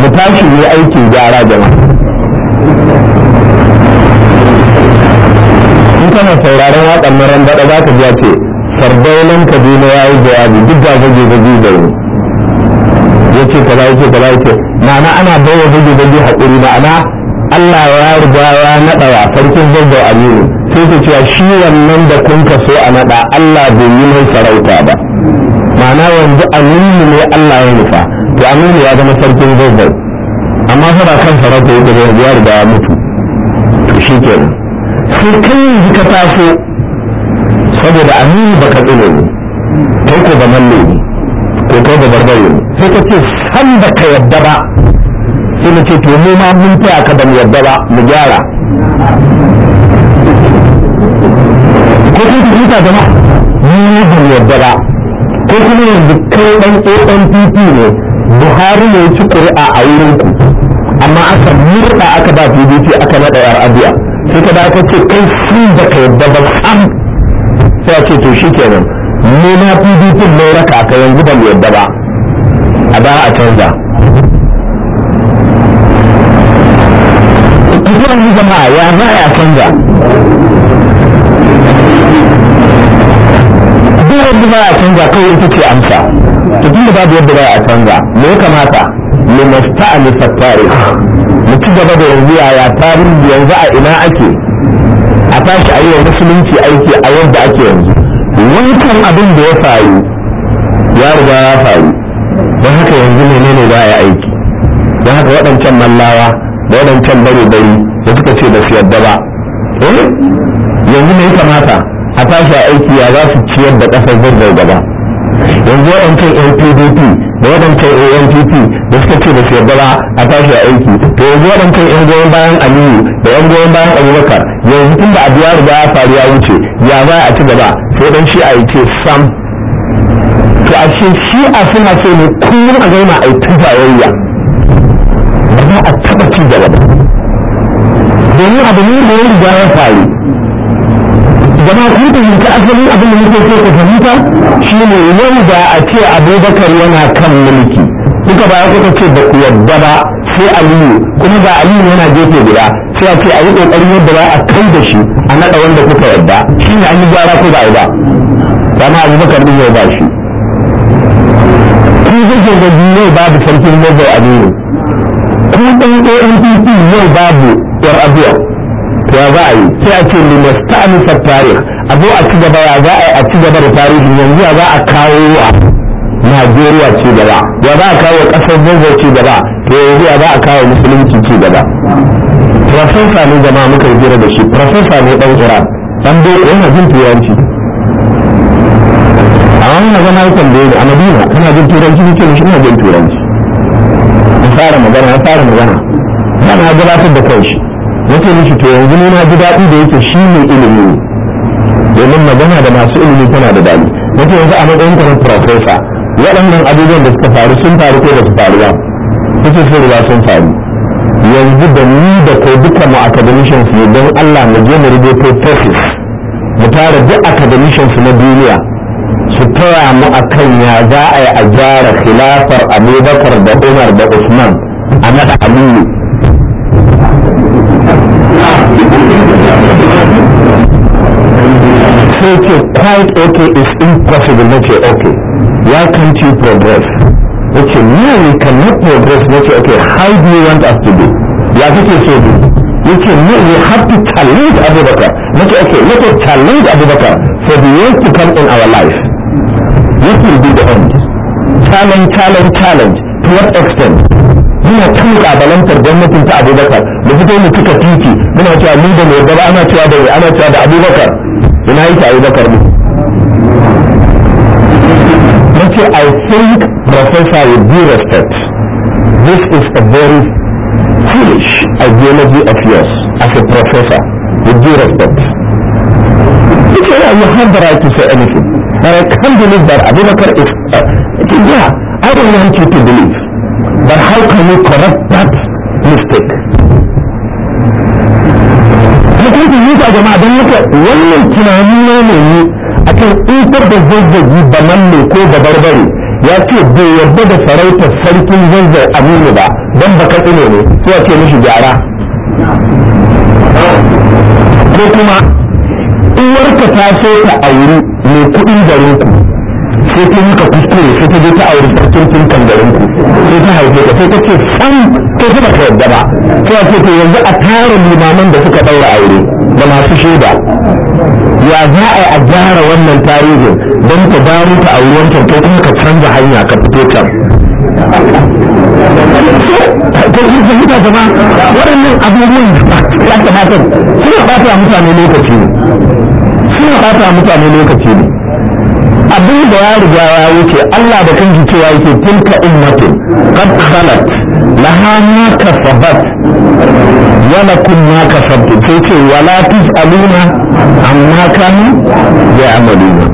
mu tashi ne aikin gyara jama'a in kana sauraron waƙar maran daɗa za ka biya ce sardaunan kaduna ya yi jawabi duk da zage zage da yi ya ce kaza ya ce kaza ya ce ma'ana ana baiwa zage zage haƙuri ma'ana Allah ya riga ya naɗa wa sarkin zazzau aminu sai cewa shi wannan da kun ka so a naɗa Allah bai yi mai sarauta ba ma'ana yanzu aminu ne Allah ya nufa to aminu ya zama sarkin zazzau amma fara kan sarauta ya gaba ya riga ya mutu to shi kenan sai kai yanzu ka taso saboda aminu ka tsine ne kai ko ba malle ne ko kai ba barbare ne sai ka ce san da ka yadda ba sai na ce to mu ma mun taya ka ba yadda ba mu gyara ko kun fahimta zama ni ban yadda ba ko kuma yanzu kai dan ANPP ne Buhari ne ci ƙuri'a a wurin ku amma aka murɗa aka ba PDP aka naɗa yar abiya sai ka ba ce kai su da ka yadda ba sam sai ce to shi kenan ne na PDP ne raka ka yanzu ban yadda ba a ba a canza Kusurin jama'a ya za a canza in ba a canza kawai ita ce amsa to tunda babu yadda ba a canza me ya kamata mu musta'alifa tarikh mu ci gaba da yanzu yaya tarihi yanzu a ina ake a tashi a yi wa musulunci aiki a yadda ake yanzu wancan abin da ya faru ya riga ya faru don haka yanzu menene ne ba ya aiki don haka waɗancan mallawa da waɗancan bare-bare da suka ce ba su yadda ba eh? yanzu me ya kamata a tashi a aiki ya za su ciyar da ƙasar zirgar gaba yanzu waɗancan yan pdp da waɗancan anpp da suka ce da su yarda ba a tashi a aiki to yanzu waɗancan yan goyon bayan aliyu da yan goyon bayan abubakar yanzu tun da abu ya riga ya faru ya wuce ya za a ci gaba sai dan shi a yi ce sam to a ce shi a suna so ne kullum a zauna a yi ta ba za a taɓa ci gaba ba domin abu ne da ya riga ya faru jama'a kun fahimci asali abin da muke so ka fahimta ne yau da a ce abubakar yana kan mulki duka ba ya kuka ce ba ku yadda ba sai aliyu kuma ga aliyu yana gefe guda sai a ce a yi kokarin yadda ba a kai da shi a naɗa wanda kuka yadda shine an yi gyara ko ba a yi ba ba ma abubakar ɗin yau ba shi kun zai ga yau babu sarkin yau bai aliyu kun ɗan ampp yau babu yar abuwa ya za a yi sai a ce ne mai sta'ani tarih a zo a ci gaba ya za a a ci gaba da tarihi yanzu ya za a kawo wa Najeriya ci gaba ya za a kawo kasar Bobo ci gaba to yanzu ya za a kawo musulunci ci gaba profesa ne zama muka jira da shi profesa ne dan jira dan dai yana jin turanci a wani zama ya tambaye ni a Madina kana jin turanci ne ce mishi ina jin turanci fara magana ya fara magana yana gabatar da kai shi nake mishi to yanzu nuna ji daɗi da yake shi ne ilimi domin magana da masu ilimi tana da daɗi nake yanzu a matsayin ka na profesa waɗannan abubuwan da suka faru sun faru ko da su faru ba kusa sun riga sun faru yanzu da ni da ko duka mu academicians ne don Allah mu je mu rubuto thesis mu tara duk su na duniya su taya mu akan ya za a yi a gyara khilafar abubakar da umar da usman a naɗa aliyu sai ce quite okay is impossible na ce okay why can't you progress na ce no we cannot progress na ce okay how do you want us to do ya kake so do ya ce no we have to challenge abubakar na ce okay let us challenge abubakar for the years to come in our life what will be the end challenge challenge challenge to what extent muna kan kabalantar don mutunta abubakar da fito mu kika titi muna cewa mu da mai gaba ana cewa da ana cewa da abubakar ina yi ta abubakar ne nace i think professor would be respect this is a very foolish ideology of yours as a professor with due respect you say yeah, you have the right to say anything but i can't believe that Abubakar is uh, yeah i don't want you to believe but how can you correct that mistake yawa jama'a don haka wannan tunani na ne a akan tsufar da zazzagi ba ne ko da barbare ya ce bai yarda da sarautar sarkin zazzar aminu ba don baka tsine ne sai ya ce mishi gyara ko kuma uwarka ta so ta auri mai kuɗin garinku sai ta maka kuskure sai ta je ta auri sarkin tunkan garin ku sai ta haife ka sai ta ce san kai ta baka yadda ba sai ce to yanzu a tara limaman da suka daura aure da masu shaida ya za a a gyara wannan tarihin don ta dawo ta auri wancan kai kuma ka canza hanya ka fito can ko sun fahimta zama waɗannan abubuwan ya kamata suna ɓata mutane lokaci ne suna ɓata mutane lokaci ne abin da ya riga ya wuce Allah da kan cewa yake tilka ummatin qad khalat laha ma kasabat wa lakum ma kasabtum sai ce wala tusaluna amma kanu ya'maluna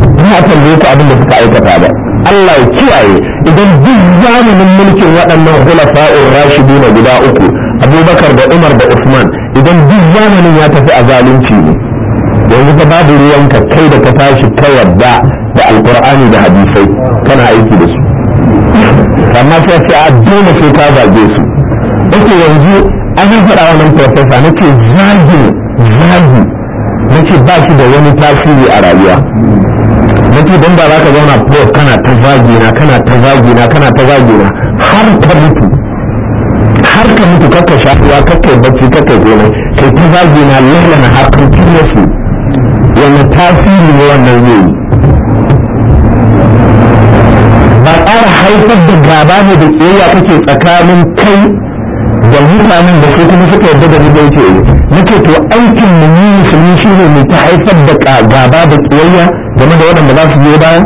ba a tambaye ku abin da suka aikata ba Allah ya kiyaye idan duk zamanin mulkin waɗannan hulafa'ur na guda uku Abubakar da Umar da Usman idan duk zamanin ya tafi a zalunci ne yanzu ka babu ruwanka kai da ka tashi ka yadda da alkur'ani da hadisai kana aiki da su amma sai sai a ah, dole sai ka zage su nake yanzu an yi faɗa wa nan farfesa nake zagi zagi nake ba shi da wani tasiri a rayuwa nake don ba za ka zauna prof kana ta zagi na kana ta zagi na kana ta zagi na har ka mutu har ka mutu kakka shafuwa kakka bacci kakka gona kai ta zagi na lalana har kan kiyasu wani tasiri ne wannan zai ba ƙara haifar da gaba ne da tsoya kake tsakanin kai da mutanen da su kuma suka yarda da ni da yake nake to aikin mu ni musulmi shi ne mu ta haifar da gaba da tsoya game da waɗanda za su je baya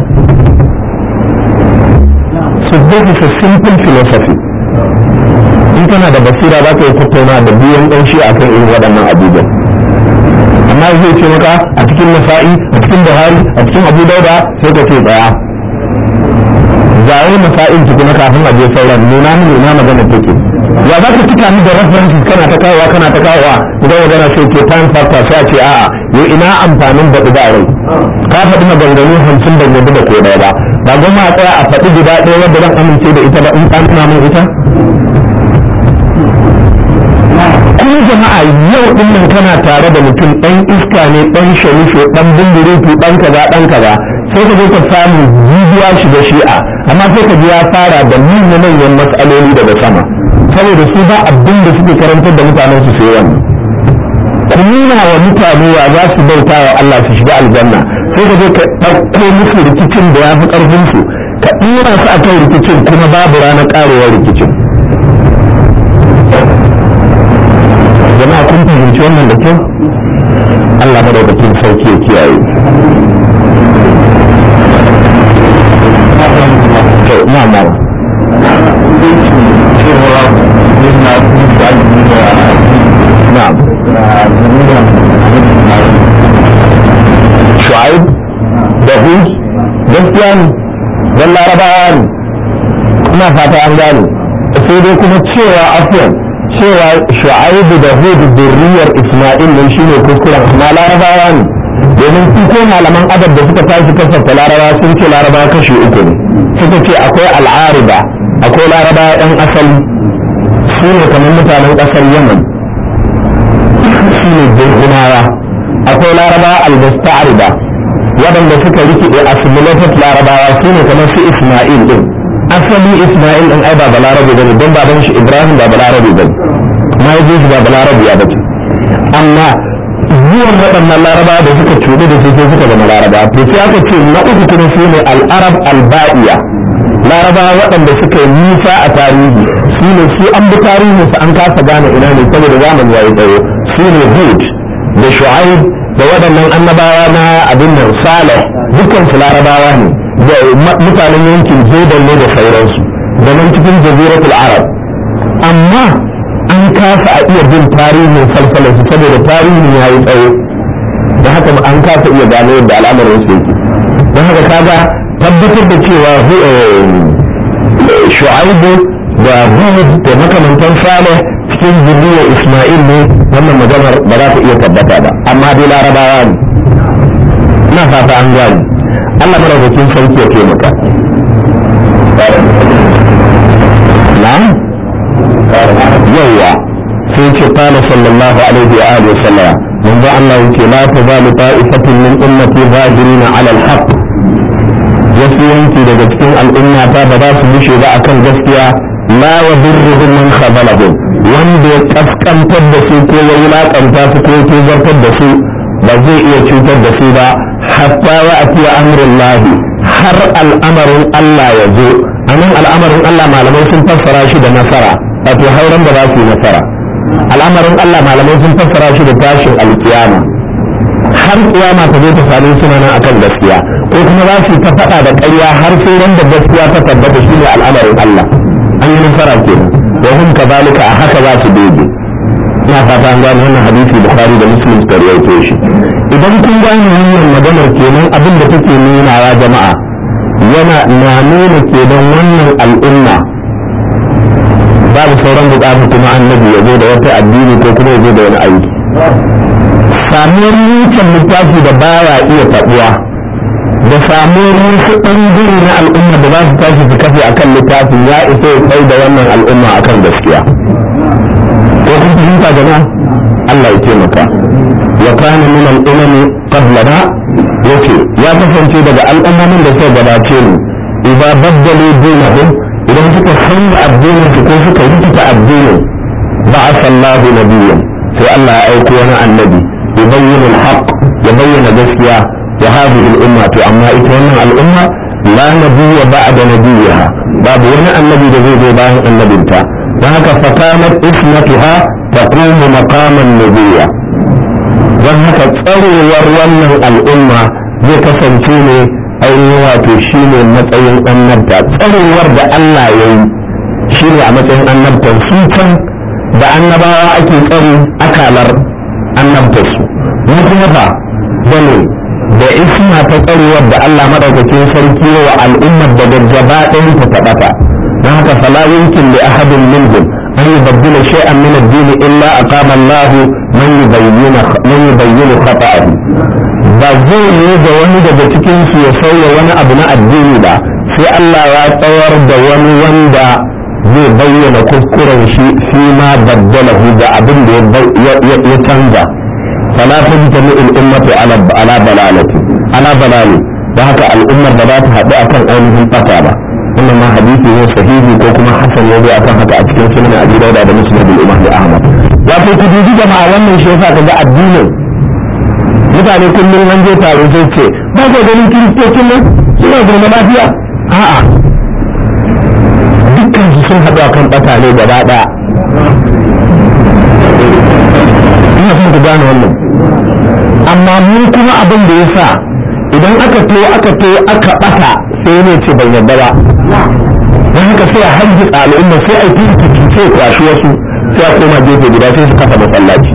so this is a simple philosophy in kana da basira za ka yi tattauna da biyan ɗanshi a kan irin waɗannan abubuwan amma zai ce maka a cikin nasa'i a cikin buhari a cikin abu dauda sai ka ce tsaya zawo nasa'in na kafin a je sauran nuna min ina magana take ya za ka cika ni da references kana ta kawowa kana ta kawowa idan magana sai ke time factor sai a ce a'a yo ina amfanin baɗi ba rai ka faɗi maganganu hamsin da yadda da ko ɗaya ba ba gwamma a tsaya a faɗi guda ɗaya wadda zan amince da ita ba in ta nuna min ita jama'a yau din nan kana tare da mutum ɗan iska ne ɗan sharife ɗan bindirutu ɗan kaza ɗan kaza sai ka zo ka samu jijiya shi da shi'a amma sai ka ji ya fara da nuna manyan matsaloli daga sama saboda su ba abin da suke karantar da mutanen su sai wannan ku wa mutane wa za su bauta wa Allah su shiga aljanna sai ka zo ka ɗauko musu rikicin da ya fi karfin su ka ɗora su a kan rikicin kuma babu ranar ƙarewar rikicin mun fahimci wannan da kyau Allah madaukakin sarki ya kiyaye shu'aib da hud gaskiya ne don larabawa ne ina fata an gane sai dai kuma cewa afiyan cewa shu'aibu da hudu zurriyar isma'il ne shi ne kuskure amma larabawa ne domin su ko malaman adab da suka tashi kasafta larabawa sun ce larabawa kashi uku ne suka ce akwai al'arida akwai larabawa yan asali su ne kamar mutanen kasar yaman su ne jirginawa akwai larabawa albasta'arida waɗanda suka rikide assimilated larabawa su ne kamar su isma'il din asali isma'il ɗin ai ba balarabe ba ne don baban shi ibrahim ba balarabe ba ne mahaifin shi ba balarabe ya bace amma zuwan waɗannan laraba da suka cuɗu da suke suka zama laraba to sai aka ce na uku kuma su ne al'arab alba'iya laraba waɗanda suka yi nisa a tarihi su ne su an bi tarihinsu su an kasa gane ina ne saboda zamani ya yi tsaye su ne hud da shu'aib da waɗannan annabawa na abin nan salih dukkan su larabawa ne da mutanen yankin jordan ne da sauransu da nan cikin jaziratul arab amma an kasa a iya bin tarihin falsalarsu saboda tarihin ya yi tsaye da haka an kasa iya gano yadda al'amarin su yake don haka kaga tabbatar da cewa eh, shu'aibu da hud da makamantan saleh cikin zuriya isma'il ne wannan maganar ba za ta iya tabbata ba amma dai larabawa ne na fata an gani Allah maraukakin sarki ya taimaka na'am yawa sai ce qala sallallahu alaihi wa alihi wasallam manzo Allah yake la tazalu ta'ifatun min ummati zahirina 'ala al-haqq wasu yanki daga cikin al'umma ta ba za su bushe ba akan gaskiya la wa birruhum man khabalahum wanda ya kaskantar da su ko ya wulakanta su ko ya zartar da su ba zai iya cutar da su ba hatta wa atiya amrullahi har al'amarin Allah ya zo anan al'amarin Allah malamai sun fassara shi da nasara wato hauren da za su yi nasara al'amarin Allah malamai sun fassara shi da tashin alkiyama har kiyama ta zo ta same su nan akan gaskiya ko kuma za su ta faɗa da ƙarya har sai ran da gaskiya ta tabbata shi ne al'amarin Allah an yi nasara kenan wa hum a haka za su doge na fata an gane wannan hadisi bukhari da muslim suka rawaito shi idan kun gane wannan maganar kenan abin da take nunawa jama'a yana na nuna kenan wannan al'umma babu sauran buƙatu kuma annabi ya zo da wata addini ko kuma ya zo da wani aiki samuwar wucin littafi da baya iya faɗuwa da samuwar wasu ɓangare na al'umma da za su tashi su kafe akan littafin ya iso ya da wannan al'umma akan gaskiya wata fahimta da na Allah ya taimaka ya kana min al'umma da yake ya kasance daga al'ummomin da suka gabace mu idan baddalu dinahum idan suka sanya addinin su ko suka rikita addinin ba'a a sallahu nabiyyan sai Allah ya aiko wani annabi ya bayyana haqq ya bayyana gaskiya ya hadu to amma ita wannan al'umma la nabiyya ba'da nabiyya babu wani annabi da zai zo bayan annabinta da haka fakamar ismatuha ta kuma makaman nabiya don haka tsarewar wannan al'umma zai kasance ne ainihin wato shi ne matsayin annabta tsarewar da Allah ya yi shi ne a matsayin annabta su can da annabawa ake tsaro akalar annabta su na kuma ba ne da isma ta tsarewar da Allah madaukakin sarki wa al'ummar daga gaba ɗayan ta taɓata don haka fala yankin da ahadin minhum an yubaddila shay'an min ad-din illa aqama Allah man yubayyinu man yubayyinu khata'ahu ba zai yi da wani daga cikin su ya sauya wani abu na addini ba sai Allah ya tsawar da wani wanda zai bayyana kuskuren shi fi ma baddalahu da abin da ya canza fala tajtami al-ummatu ala ala balalati ala balali da haka al'ummar ba za ta haɗu akan ainihin fata ba wannan ma hadisi ne sahihi ko kuma hasan ne akan haka a cikin sunan abi dauda da bin ahmad wato ku dubi jama'a wannan shi yasa kaga addinin mutane kullum an je taro ce ba ka ganin kiristocin nan suna zama lafiya a'a dukkan su sun haɗu kan ɓata ne gaba ɗaya ina son ku gane wannan amma mun kuma abin da ya sa idan aka to aka to aka ɓata sai ne ce bai yarda ba don haka sai a hajji al'umma sai a yi rikici ta kwashi wasu sai a koma gefe guda sai su kafa masallaci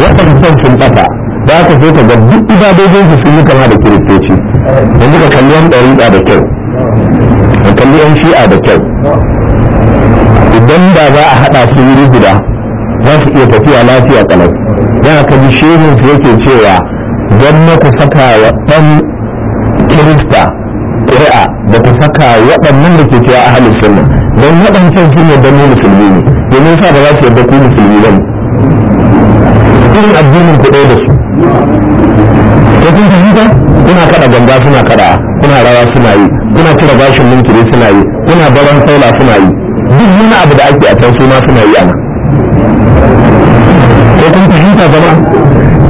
waɗancan sun kafa. za ka zo ka ga duk ibadojin su sun yi kama da kiristoci yanzu ka kalli yan da kyau ka kalli yan shi'a da kyau idan ba za a haɗa su wuri guda za su iya tafiya lafiya kalau za ka ji su yake cewa don na ku saka wa ɗan kirista ƙuri'a da ta saka waɗannan da ke cewa a ahalin sunna don waɗancan sun yadda mu musulmi ne domin sa ba za su yadda ku musulmi ba ne irin addinin ku ɗaya da su ta kun fahimta kuna kaɗa ganga suna kaɗa kuna rawa suna yi kuna cire bashin munkiri suna yi kuna baran saula suna yi duk wani abu da ake a can suna suna yi ana ko kun fahimta zama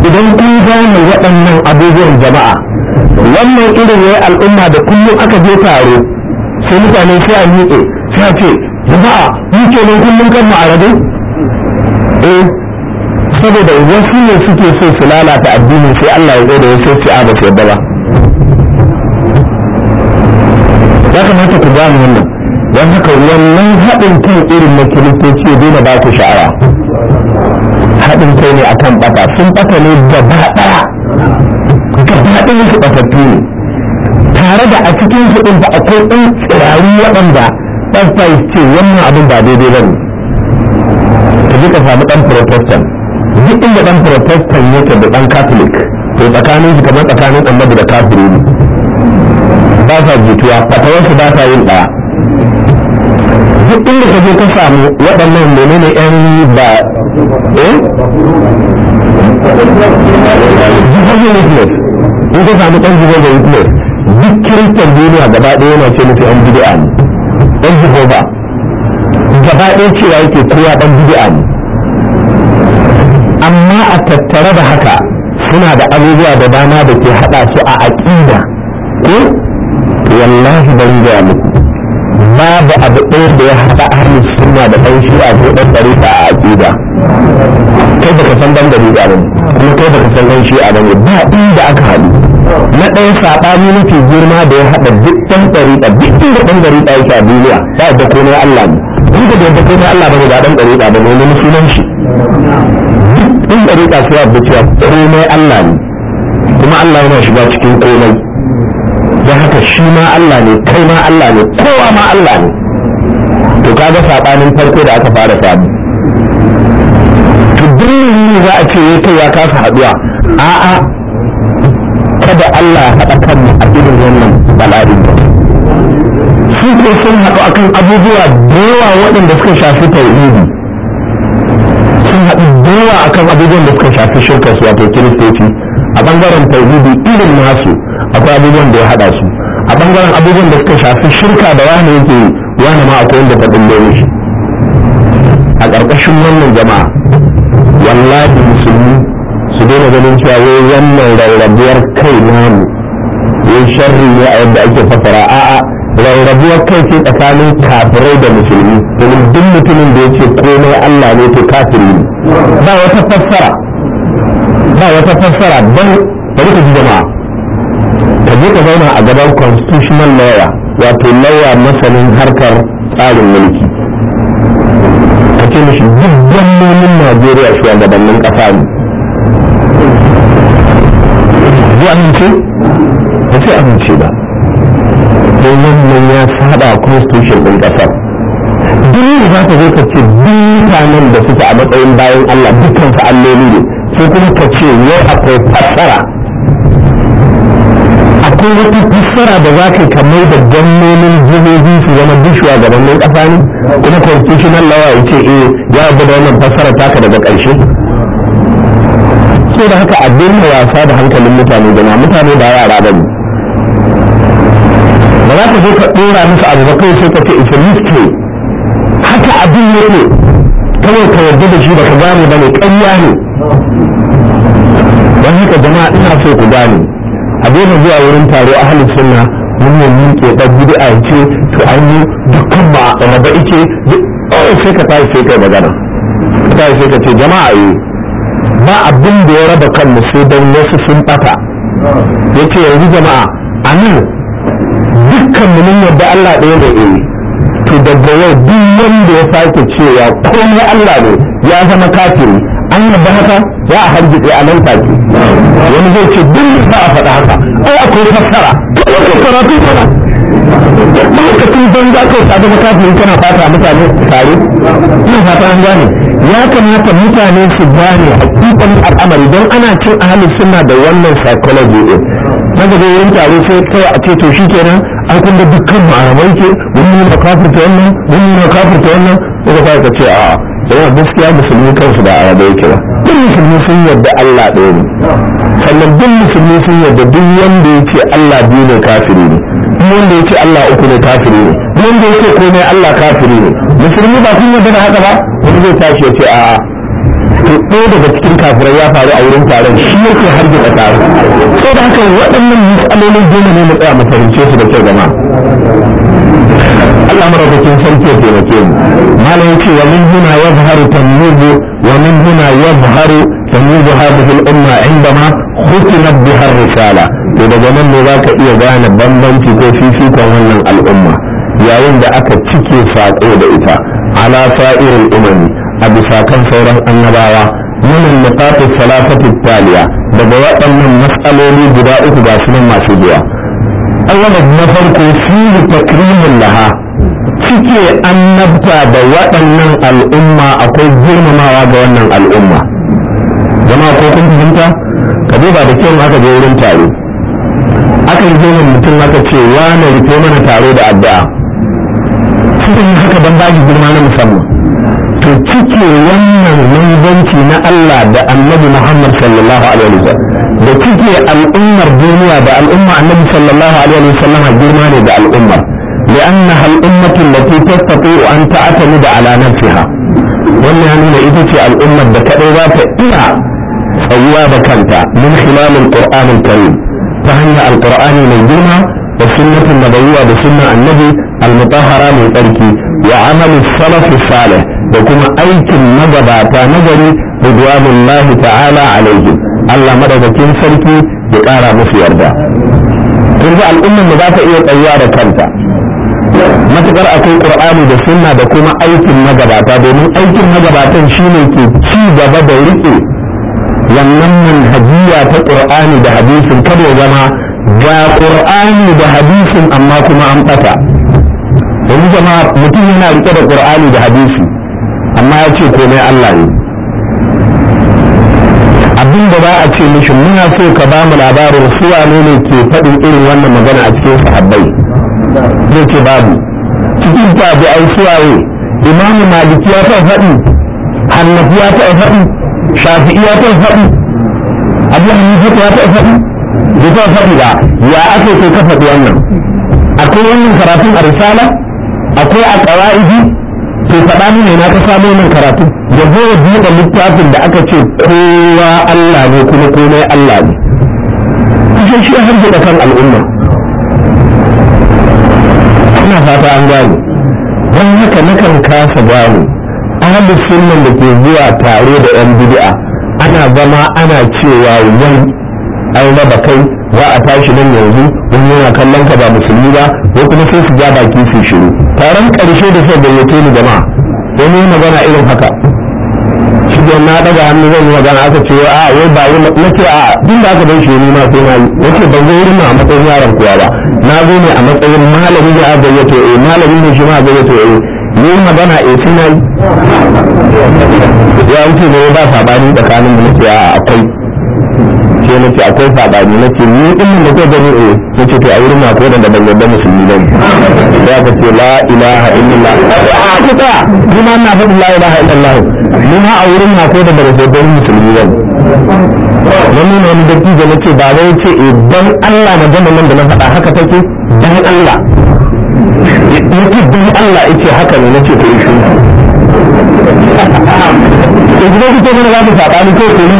idan kun gane waɗannan abubuwan jama'a wannan irin ne al'umma da kullum aka je taro sai mutane sai a miƙe sai a ce jama'a mu kenan kullum kan mu eh saboda wasu ne suke so su lalata addinin sai Allah ya zo da wasu sai a ba su yadda ba ya kamata ku gane wannan don haka wannan haɗin kai irin na kiristoci ya daina ba ku sha'awa haɗin kai ne akan ɓata sun ɓata ne gaba ɗaya gaba ɗin su ne tare da a cikin su ɗin akwai ɗin tsirari waɗanda ɗan fais ce wannan abin ba daidai ba ne ta ji ka samu ɗan protestant duk inda ɗan protestant yake da ɗan catholic to tsakanin su kamar tsakanin annabi da kafiri ne ba sa jituwa su ba sa yin ɗaya duk inda ka je ka samu waɗannan menene yi ba eh in ka samu ɗan zubar da hitler duk kiristan duniya gaba ɗaya na ce musu ɗan bid'a ne ɗan jehova gaba ɗaya cewa yake kowa ɗan a ne amma a tattare da haka suna da abubuwa da dama da ke haɗa su a aƙida ko wallahi ban gaya muku babu abu ɗaya da ya haɗa ahlus suna da ɗan shi'a ko ɗan ɗariƙa a aƙida kai baka san dan da ba ne kuma kai baka san ɗan shi'a ba ne ba da aka haɗu na ɗaya saɓani mafi girma da ya haɗa duk ɗan dukkan da ɗan ɗariɗa yake a duniya ba da komai Allah ne duk da yadda komai Allah ba ne ba ɗan ɗariɗa ba ne wani sunan shi duk ɗan ɗariɗa su yadda cewa komai Allah ne kuma Allah yana shiga cikin komai don haka shi ma Allah ne kai ma Allah ne kowa ma Allah ne to kaga saɓanin farko da aka fara samu to duk za a ce ya kai ya kasa haɗuwa a'a kada Allah ya haɗa kanmu a irin wannan bala'in su ko sun haɗu kan abubuwa da yawa waɗanda suka shafi tauhidi sun haɗu da yawa kan abubuwan da suka shafi shirkar su wato kiristoci a bangaren tauhidi irin nasu akwai abubuwan da ya haɗa su a ɓangaren abubuwan da suka shafi shirka da wani yake wani ma akwai wanda ta ɗin shi a ƙarƙashin wannan jama'a wallahi musulmi ku daina ganin cewa wai wannan rarrabuwar kai namu Ya sharri ne a yadda ake fasara a'a rarrabuwar kai ce tsakanin kafirai da musulmi domin duk mutumin da ya ce komai Allah ne to kafiri ba wata fassara ba wata fassara don bari ka ji jama'a ka je ka zauna a gaban constitutional lawyer wato lawyer masanin harkar tsarin mulki ka ce mishi duk gwamnonin Najeriya shugabannin ƙasa ne zai amince ba sai amince ba don wannan ya saba constitution ɗin ƙasar duniya za ta zo ka ce mutanen da suke a matsayin bayan Allah dukkan su alloli ne sai kuma ka ce yau akwai fassara akwai wata fassara da za ka kamar da gwamnonin jihohi su zama gaban shugabannin ƙasa ne kuma constitutional lawa ya ce eh ya abu da wannan fassara taka daga ƙarshe sai da haka abin wasa da hankalin mutane na mutane ba yara ba ne ba za ka zo ka ɗora musu abu ba kai sai ka ce ita haka abin ne ne kawai ka yarda da shi ba ka gane ba ne ƙarya ne don haka jama'a ina so ku gane a daina zuwa wurin taro a halin sunna yi miƙe ɗan bid'a ce to an yi dukkan ba a ba ike sai ka tashi sai kai magana ka tashi sai ka ce jama'a yi eh. ba abin da ya raba kanmu sai don wasu sun bata ce yanzu jama'a a nan dukkan mu mun yadda Allah ɗaya da eh to daga yau duk wanda ya sake cewa komai Allah ne ya zama kafiri an yadda haka za a harbi a nan take wani zai ce duk ba a faɗa haka ai akwai fassara kawai fassara tun faɗa ma'aikacin banza kawai sabon kafin kana fata mutane tare ina fata an gane ya kamata mutane su gane hakikan al'amari don ana cin ahalin suna da wannan psychology din daga zai wurin taro sai kai a ce to shi kenan an kunda dukkan malamai ke wani na kafirta wannan wani na kafirta wannan daga sai ka ce a yana gaskiya musulmi kansu da arabai yake ba duk musulmi sun yarda Allah ɗaya ne sannan duk musulmi sun yarda duk wanda ya ce Allah biyu ne kafiri ne mun wanda yake Allah uku ne kafiri ne mun wanda ya ce komai Allah kafiri ne musulmi ba kun yarda haka ba wani zai tashi ya ce a to daga cikin kafirai ya faru a wurin taron shi yake har da taro da haka waɗannan matsalolin dole ne mu tsaya mu fahimce su da kyau gama Allah maraukakin sarki ya taimake mu malam ya ce wa min huna yadhharu tanwibu wa min huna yadhharu تميز هذه الأمة عندما ختمت بها الرسالة إذا جمال ذاك إيه غانا بمبن تكو في فيك ونن الأمة يا وند أكا تكي ساقو إتا على سائر الأمم أبي ساكن سورة النباوة من النقاط الثلاثة التالية بجواء من مسألة لي جداء تباشر ما سبوا أولا نفرق فيه تكريم لها cike annabta da waɗannan al'umma akwai girmamawa ga wannan al'umma Zama ko kun fahimta ka duba da kyau aka je wurin taro aka yi zuwa mutum aka ce na rufe mana taro da addu'a yi haka ban ba girma na musamman to cike wannan manzanci na Allah da annabi Muhammad sallallahu alaihi wasallam da cike al'ummar duniya da al'umma annabi sallallahu alaihi wasallam girma ne da al'ummar لأنها الأمة التي تستطيع أن تعتمد على نفسها wannan ya nuna ita ce al'ummar da kaɗai za rayuwa da kanta min khilalil qur'anil karim ta hanyar alqur'ani mai girma da na nabawiyya da sunnan annabi almutahhara mai tsarki wa amalu salaf salih da kuma aikin magabata nagari gari ridwanullah ta'ala alaihi Allah madaukakin sarki ya kara musu yarda yanzu al'ummar mu za ta iya tsayuwa da kanta matukar akwai qur'ani da sunna da kuma aikin magabata domin aikin magabatan shine ke ci gaba da rike wannan manhajiya ta qur'ani da hadisin kada ya zama ga qur'ani da hadisin amma kuma an bata domin jama'a mutum yana rike da qur'ani da hadisi amma ya ce komai Allah ne abin da ba a ce mishi muna so ka ba mu labarin su wane ne ke faɗin irin wannan magana a cikin sahabbai zai ce babu cikin tabi'ai suwaye imamu maliki ya faɗi hannafi ya faɗi shafi'i ya kai faɗi abu hanifa ya kai faɗi bai kai faɗi ba ya ake kai ka faɗi wannan akwai wannan karatun a risala akwai a ƙawa'idi to faɗa mini na ta samu wannan karatu da biyu da littafin da aka ce kowa Allah ne kuma komai Allah ne kashe shi har da kan al'umma ina fata an gane don haka nakan kasa gano ahalin sunan da ke zuwa tare da yan bid'a ana zama ana cewa wai an raba kai za a tashi nan yanzu wani yana kallon ka ba musulmi ba ko kuma sai su ja baki su shiru taron karshe da sai gayyato ni jama'a wani magana irin haka shi na daga hannu zan yi magana aka ce a wai ba yi na ce a din da aka bai shi ni ma sai na yi ce ban zo wurin a matsayin yaron kuwa ba na zo ne a matsayin malami ya a gayyato eh malami ne shi ma a gayyato eh ne magana a yafi na yi ya wuce ne ba sabani tsakanin da nake a akwai ce nake akwai sabani nake ni ilimin da kai gani eh nake to a wurin na ko da ban yarda musulmi ne ya ka ce la ilaha illallah a kuka ni ma na faɗi la ilaha illallah ni ma a wurin na ko da ban yarda musulmi ne na nuna wani dattijo nake ba zai ce idan Allah magana nan da na faɗa haka take dan Allah na tabbin Allah yake haka ne nace ko shi to kuma kuke mana za ku faɗa ni ko ko ni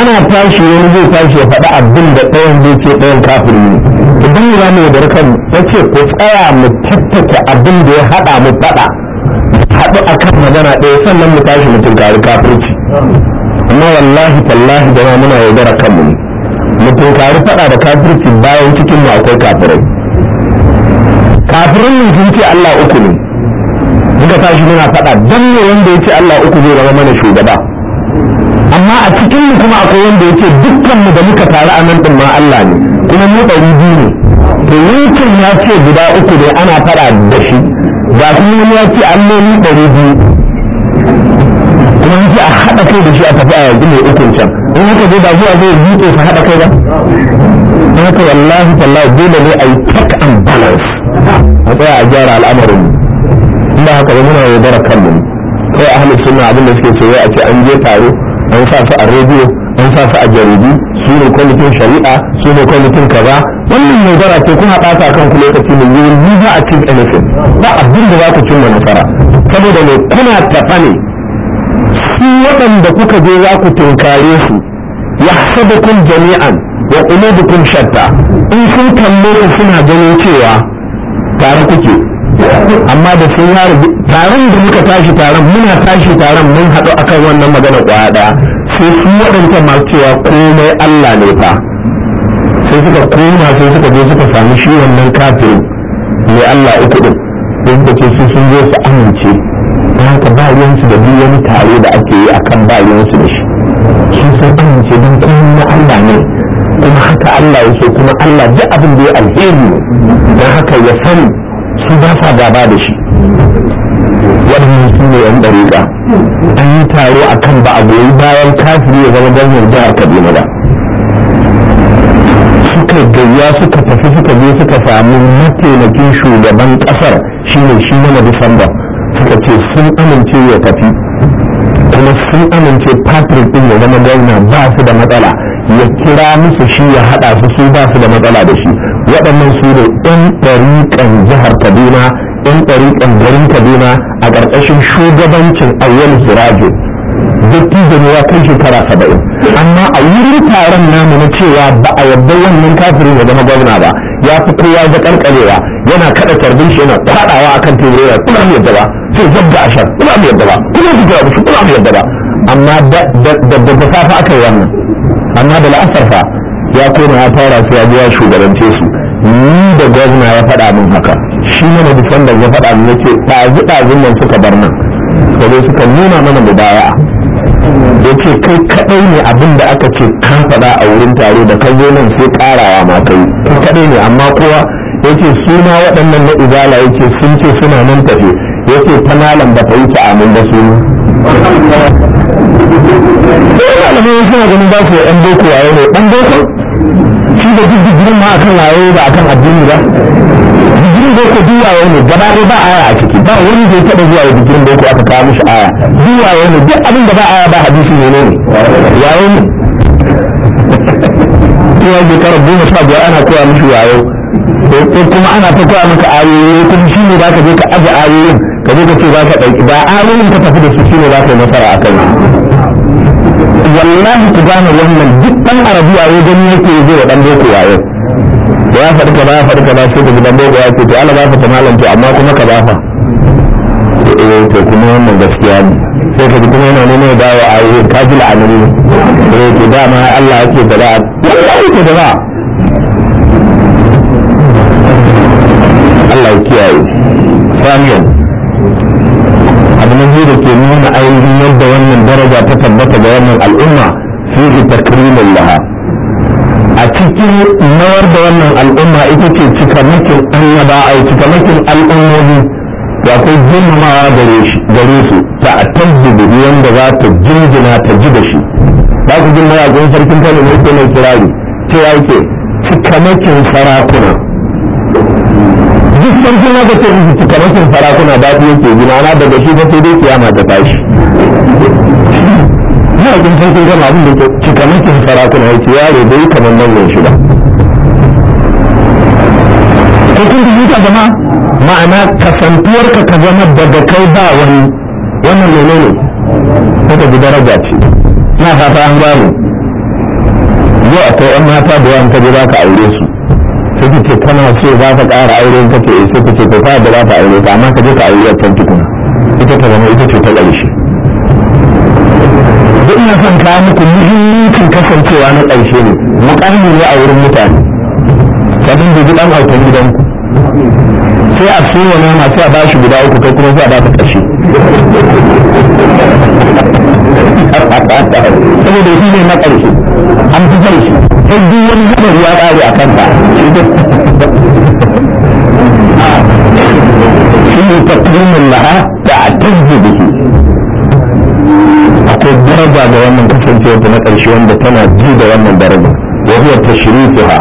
ana tashi wani zai tashi ya abin da ɗayan zai ce ɗayan ne idan mu zamu yi darkan ya ce ku tsaya mu tattake abin da ya haɗa mu faɗa haɗu akan magana ɗaya sannan mu tashi mu tunkari kafirci amma wallahi tallahi jama'a muna yaudara kanmu ne mu tunkari faɗa da kafirci bayan cikin mu akwai kafirai kafirin nan sun ce Allah uku ne muka tashi muna faɗa dan ne wanda ya ce Allah uku zai zama mana shugaba amma a cikin mu kuma akwai wanda ya ce dukkan mu da muka taru a nan din ma Allah ne kuma mu ɗari biyu ne to yankin ya ce guda uku ne ana faɗa da shi ga kuma ya ce alloli ɗari biyu kuma yake a haɗa kai da shi a tafi a yanzu mai ukun can in haka zai da zuwa zai yi buɗe su haɗa kai ba in haka wallahi tallahi dole ne a yi check and balance a tsaya a gyara al'amarin ba haka ba muna yaudara kanmu kai ahli sunna abin da suke cewa a ce an je taro an sa su a rediyo an sa su a jaridu su ne kwamitin shari'a su ne kwamitin kaza wannan yaudara ce kuma ɓata kan ku lokaci mun yi ni za a cin anything ba abin da za ku cimma nasara saboda ne kuna taɓa ne su waɗanda kuka je za ku tunkare su ya yahsabukum jami'an wa qulubukum shatta in sun kalle suna ganin cewa tare kuke amma da sun yaro taron da muka tashi taron muna tashi taron mun haɗu akan wannan magana kwaya ɗaya sai su waɗanta masu cewa komai Allah ne fa sai suka koma sai suka je suka sami shi wannan kafin mai Allah uku ɗin sai da su sun zo su amince ta haka ba ruwansu da duk wani tare da ake yi akan ba ruwansu da shi sun san amince don kuma Allah ne kuma haka Allah yake kuma Allah duk abin da ya alheri don haka ya sani su ba sa gaba da shi waɗannan su ne yan ɗariƙa an yi taro a kan ba a goyi bayan kafiri ya zama ganyen a kaduna ba suka gayya suka tafi suka je suka samu mataimakin shugaban ƙasar shine shi mana disamba suka ce sun amince ya tafi kuma sun amince patrick ɗin ya zama gwamna ba su da matsala ya kira musu shi ya haɗa su su ba su da matsala da shi waɗannan su ne ɗan ɗariƙan jihar kaduna ɗan ɗariƙan garin kaduna a ƙarƙashin shugabancin ayyul sirajo dattijo ne ya kai shekara saba'in amma a wurin taron namu na cewa ba a yadda wannan kafirin ya zama gwamna ba ya fi kowa ga ƙarƙarewa yana kaɗa tarbin shi yana kwaɗawa akan teburewa kuna mu yadda ba sai zabga ashar kuna mu yadda ba kuna fitowa ba kuna mu yadda ba amma da da da safa aka yi wannan amma da la'asar fa ya koma ya fara su ya biya shugabance su ni da gwazna ya faɗa min haka shi mana bisan da ya faɗa min yace ɗazu ɗazun nan suka bar nan sai suka nuna mana mubaya'a da ke kai kaɗai ne abin da aka ce kan faɗa a wurin tare da kan zo nan sai ƙarawa ma kai kaɗai ne amma kowa ya yace suna waɗannan na izala yace sun ce suna nan tafe ya yace fanalan ba ta yi ta'amin da su sai malamai suna ganin ba su da ɗan boko wayo ne ɗan boko shi da duk digirin ma akan wayo ba akan addini ba digirin boko duk wayo ne gaba ɗaya ba aya a ciki ba wani da ya taɓa zuwa da digirin boko aka kawo mishi aya duk wayo ne duk abin da ba aya ba hadisi ne ne wayo ne cewa shekara goma sha biyar ana koya mishi wayo ko kuma ana ta koya maka ayoyi kuma shi ne ba ka je ka aje ayoyin ka je ka ce za ka ɗauki ba ayoyin ka tafi da su shine za ka yi nasara a kai wallahi ku gane wannan duk ɗan arabiya ya gani yake zai wa ɗan boko wayo da ya faɗi kaza ya faɗi ka ba sai ka ji ɗan boko ya ce to ala ba ka ta malam to amma kuma ka ba fa eh to kuma wannan gaskiya ne sai ka kuma yana nuna da wa ayi ka ji la'anani ne eh, to dama Allah yake da ba wallahi yake da ba Allah ya kiyaye samiyan abu na biyu da ke nuna ainihin yadda wannan daraja ta tabbata ga wannan al'umma fihi takrimin laha a cikin nawar da wannan al'umma ita ce cikamakin annaba ai cikamakin al'ummomi da akwai girmamawa gare su ta a tabbubu wanda za ta jinjina ta ji da shi ba ku jin mayagun sarkin kano ne ko mai kirari cewa yake cikamakin sarakuna duk sarkin haka ce in su kamasin sarakuna ba su yake gina na daga shi ba sai dai kiyama ta tashi na kun san kun gama abin da ke sarakuna ya ce yare bai kamar nan ne shi ba ko kun ji ta zama ma'ana kasantuwar ka ka zama daga kai ba wani wannan menene ne ji daraja ce na fata an gano yau akwai 'yan mata da yawan ta je za ka aure su sai ka ce tana ce za ka ƙara aure ta ce sai ka ce ko ka da za ta aure amma ka je ka aure a can tukuna ita ta zama ita ce ta ƙarshe da ina son kawo muku muhimmancin kasancewa na ƙarshe ne muƙarni ne a wurin mutane sabin da gidan autan gidanku sai a wani na masu a bashi guda uku kai kuma sai a ka ƙarshe saboda shi ne na ƙarshe an fi ƙarshe sai duk wani hadari ya ƙare a kanta في تقديم لها تعتز به أقول درجة دوام من كفر في وقت نقل شوان بتنا جي دوام من درجة وهو تشريفها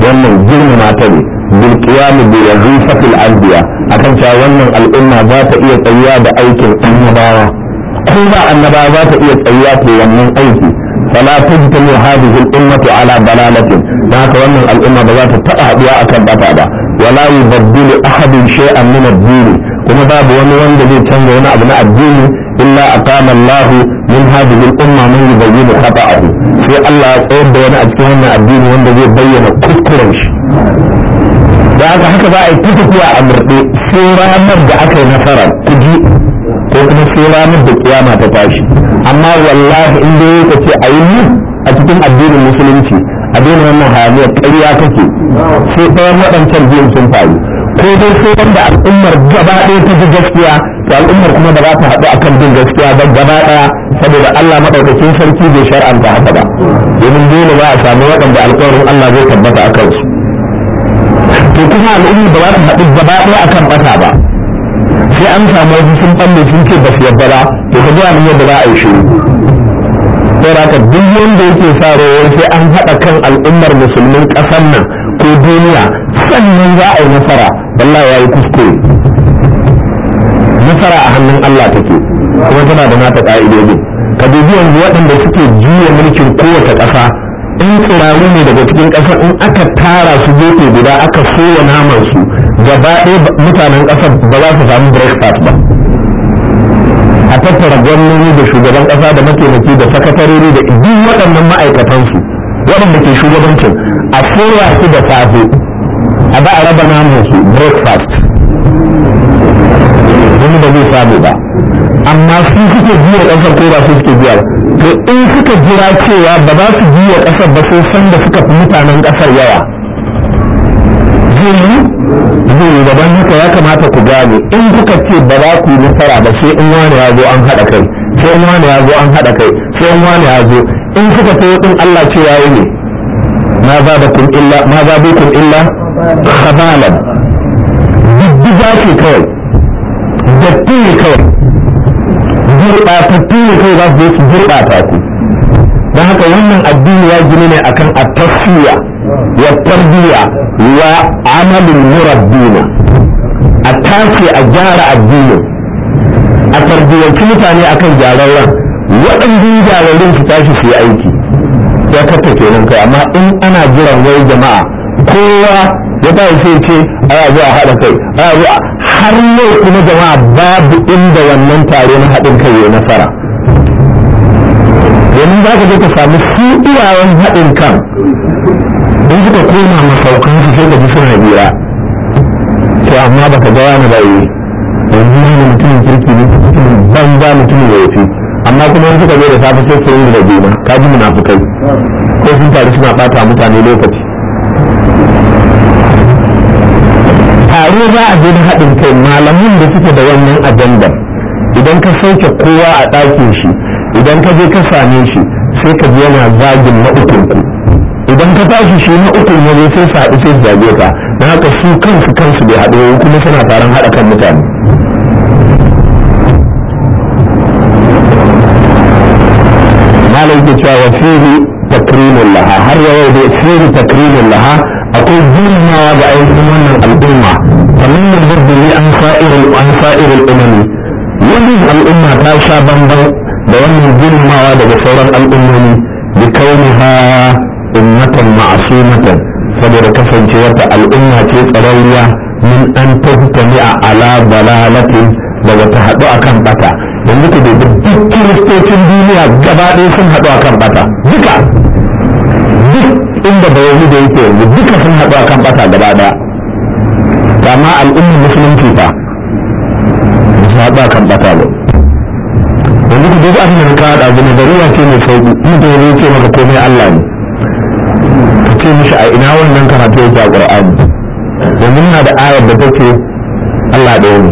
دوام من جي من بالقيام بوظيفة الأنبياء أكن شاوان الأمة ذات إيه طيابة أيك النباوة كل النباة ذات إيه طيابة ومن أيك فلا تجتمع هذه الأمة على ضلالة da haka wannan al'umma ba za ta taɓa haɗuwa kan bata ba wala yubaddilu ahadin shay'an min ad-din kuma babu wani wanda zai canza wani abu na addini illa atama Allah min hadhihi al-umma man yubayyinu khata'ahu sai Allah ya tsayar da wani a cikin wannan addini wanda zai bayyana kuskuren shi da haka haka za a yi tafiya a murɗe sai ranar da aka yi nasara ku ji ko kuma sai ranar da kiyama ta tashi amma wallahi in dai ka ce a yi a cikin addinin musulunci a daina wannan hayaniyar ƙarya kake sai ɗayan waɗancan biyun sun faru ko dai sai wanda al'ummar gaba ɗaya ta ji gaskiya to al'ummar kuma da za ta haɗu akan bin gaskiya ba gaba ɗaya saboda Allah maɗaukakin sarki bai shar'anta haka ba domin dole za a samu waɗanda alƙawarin Allah zai tabbata a kansu to kuma al'ummar ba za ta haɗu gaba ɗaya akan ɓata ba sai an samu wasu sun ɓalle sun ce ba su yarda ba to ka gaya min yadda za a yi shiru saboda ka duk wanda yake sa sai an haɗa kan al'ummar musulmin ƙasar nan ko duniya sannan za a yi nasara balla ya yi kuskure nasara a hannun Allah take kuma tana da nata ƙa'idodi ka dubi yanzu waɗanda suke juya mulkin kowace ƙasa in turaru ne daga cikin ƙasa in aka tara su gefe guda aka soya naman su gaba ɗaya mutanen ƙasar ba za su samu breakfast ba a tattara gwamnoni da shugaban kasa da mataimaki da sakatarori da duk waɗannan ma'aikatansu waɗanda ke shugabancin a soya su da safe a ba a raba namun su breakfast wani ba zai samu ba amma su suke biya ƙasar ko ba su suke biya ba to in suka jira cewa ba za su biya ƙasar ba sai da suka fi mutanen ƙasar yawa zai yi zai yi daban haka ya kamata ku gane in kuka ce ba za ku yi nasara ba sai in wani ya zo an haɗa kai sai in wani ya zo an haɗa kai sai in wani ya zo in kuka ce din Allah cewa yi ne ma za ba kun illa ma za bi kun illa khabalan diddiga ce kawai datti ne kawai gurɓatattu ne kawai za su je su gurɓata ku don haka wannan addini ya gini ne akan at-tasfiya والتربية وعمل المربين التاسي أجار الدين a tarbiyyanci mutane akan gyararra waɗanda gyararrun su tashi su yi aiki ya kafa kenan kai amma in ana jiran wai jama'a kowa ya ba sai ce a zo a haɗa kai a zo har yau kuma jama'a babu inda wannan tare na haɗin kai ya nasara domin za ka je ka samu su iyayen haɗin kan in suka koma masaukan su sai ka ji suna bira to amma baka ga wani ba yi wani mutumin kirki ne mutumin banza mutumin yafi amma kuma wani suka zo da safe sai su yi da juna ka ji munafukai ko sun taru suna bata mutane lokaci tare za a je da haɗin kai malamin da suke da wannan ajandar idan ka sauke kowa a ɗakin shi idan ka je ka same shi sai ka ji yana zagin na idan ka tashi shi na ukun ne sai su haɗu sai su zage ka na haka su kansu kansu bai haɗu kuma suna taron haɗa kan mutane malai ke cewa wa firi takrimun laha har yawa da firi takrimun laha akwai girmawa ga ayyukan wannan al'umma kamar yadda zai an sa'irul an sa'irul umami wannan al'umma ta sha bambam da wannan girmawa daga sauran al'ummomi bi ha. ummatan ma'asumatan saboda kasancewarta al'umma ce tsararriya min an ne a ala balalatin da ta haɗu kan bata yanzu ka dubi duk kiristocin duniya gaba ɗaya sun haɗu kan bata duka duk inda da wani da yake yanzu duka sun haɗu kan bata gaba ɗaya amma al'umma musulunci ba su haɗu kan bata ba yanzu ku dubi abin da ka haɗa abu ne da ruwa ce mai sauƙi mutum ya ce maka komai Allah ne ce mishi a ina wannan karatu ya a qur'ani yanzu muna da ayar da take Allah ɗaya ne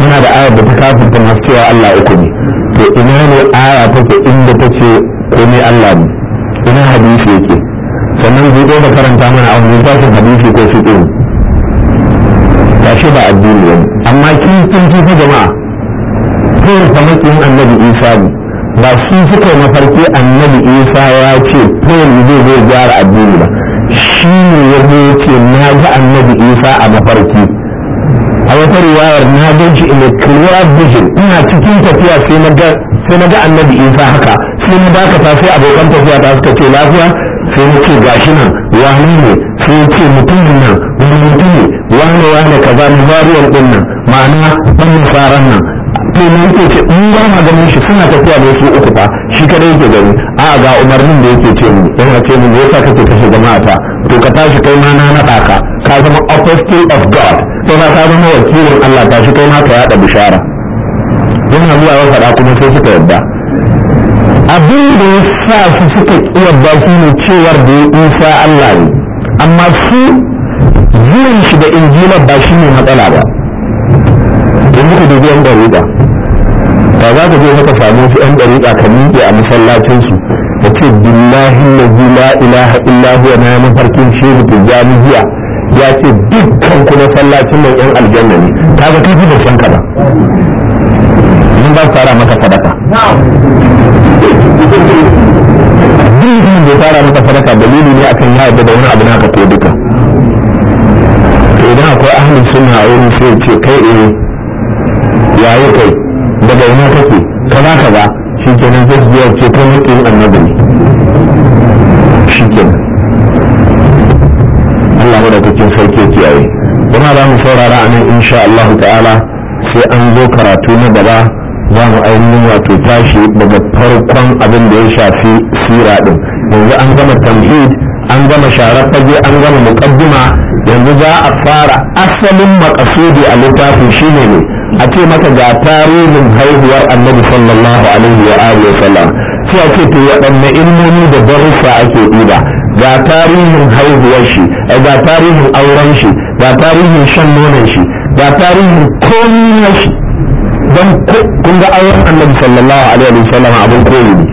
muna da ayar da ta ta masu cewa Allah uku ne to ina ne aya take inda ta ce komai Allah ne ina hadisi yake sannan zai da karanta mana a wani tashin hadisi ko su ta gashi ba addini ba amma kin kin jama'a ko kamar kin annabi Isa ne ba shi suka yi mafarki annabi isa ya ce kowani zai zai gyara addini ba shi ne ya ce na ga annabi isa a mafarki a wata riwayar na gan in a vision ina cikin tafiya sai na ga annabi isa haka sai na dakata sai abokan tafiya ta suka ce lafiya sai na ce gashi nan wani ne sai ya ce mutumin nan wani mutum ne wane wane kaza mubariyar din nan ma'ana wani faran nan to nan ke ce mun ba ma ganin shi suna tafiya ne su uku fa shi kadai yake gani a ga umarnin da yake ce mu yana ce mu yasa kake kashe jama'a ta to ka tashi kai ma na naɗa ka ka zama apostle of god sai na ka zama wakilin Allah tashi kai ma ka yada bishara yana zuwa ya faɗa kuma sai suka yadda abin da ya sa su suka yadda su ne cewar da ya isa Allah ne amma su zuwan shi da injilar ba shi ne matsala ba yanzu ka dubi yan dariƙa ba za ka je maka samu su yan dariƙa ka miƙe a masallacinsu ka ce billahi lazi la ilaha illa huwa na mafarkin shehu tijjaniya ya ce dukkan ku sallacin nan yan aljanna ne kaga ka ji da san ka ba in ba fara maka sadaka dukkan da fara maka sadaka dalili ne akan ya yadda da wani abu na ka ko duka idan akwai ahlus suna a wurin sai ce kai eh waye kai daga ina kake kaza kaza shi kenan zai biyar ce kai yi annabi shi kenan Allah madaukakin sarki sauke kiyaye kuma za mu saurara a nan insha Allah ta'ala sai an zo karatu na gaba za mu ainihin wato tashi daga farkon abin da ya shafi sira din yanzu an gama tamhid an gama sharar fage an gama muqaddima yanzu za a fara asalin makasudi a littafin shine ne a ce maka ga tarihin haihuwar annabi sallallahu alaihi wa alihi wasallam sai a ce to waɗanne ilmomi da darussa ake ɗiba ga tarihin haihuwar shi ga tarihin auren shi ga tarihin shan nonon shi ga tarihin komi na shi don kun ga auren annabi sallallahu alaihi wasallam abin koyi ne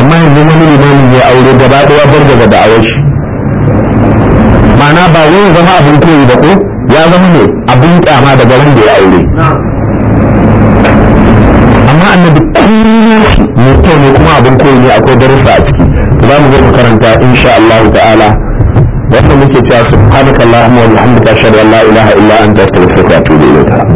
amma yanzu wani limamin ya aure gaba ɗaya bar daga da'awar shi ma'ana ba zai zama abin koyi ba ko ya zama ne abin kyama daga wanda ya aure amma annabi kullum mai ne kuma abin koyi ne akwai darussa a ciki za mu zo mu karanta insha Allah ta'ala wasu muke cewa subhanakallahumma wa bihamdika ashhadu an la ilaha illa anta astaghfiruka wa atubu ilayk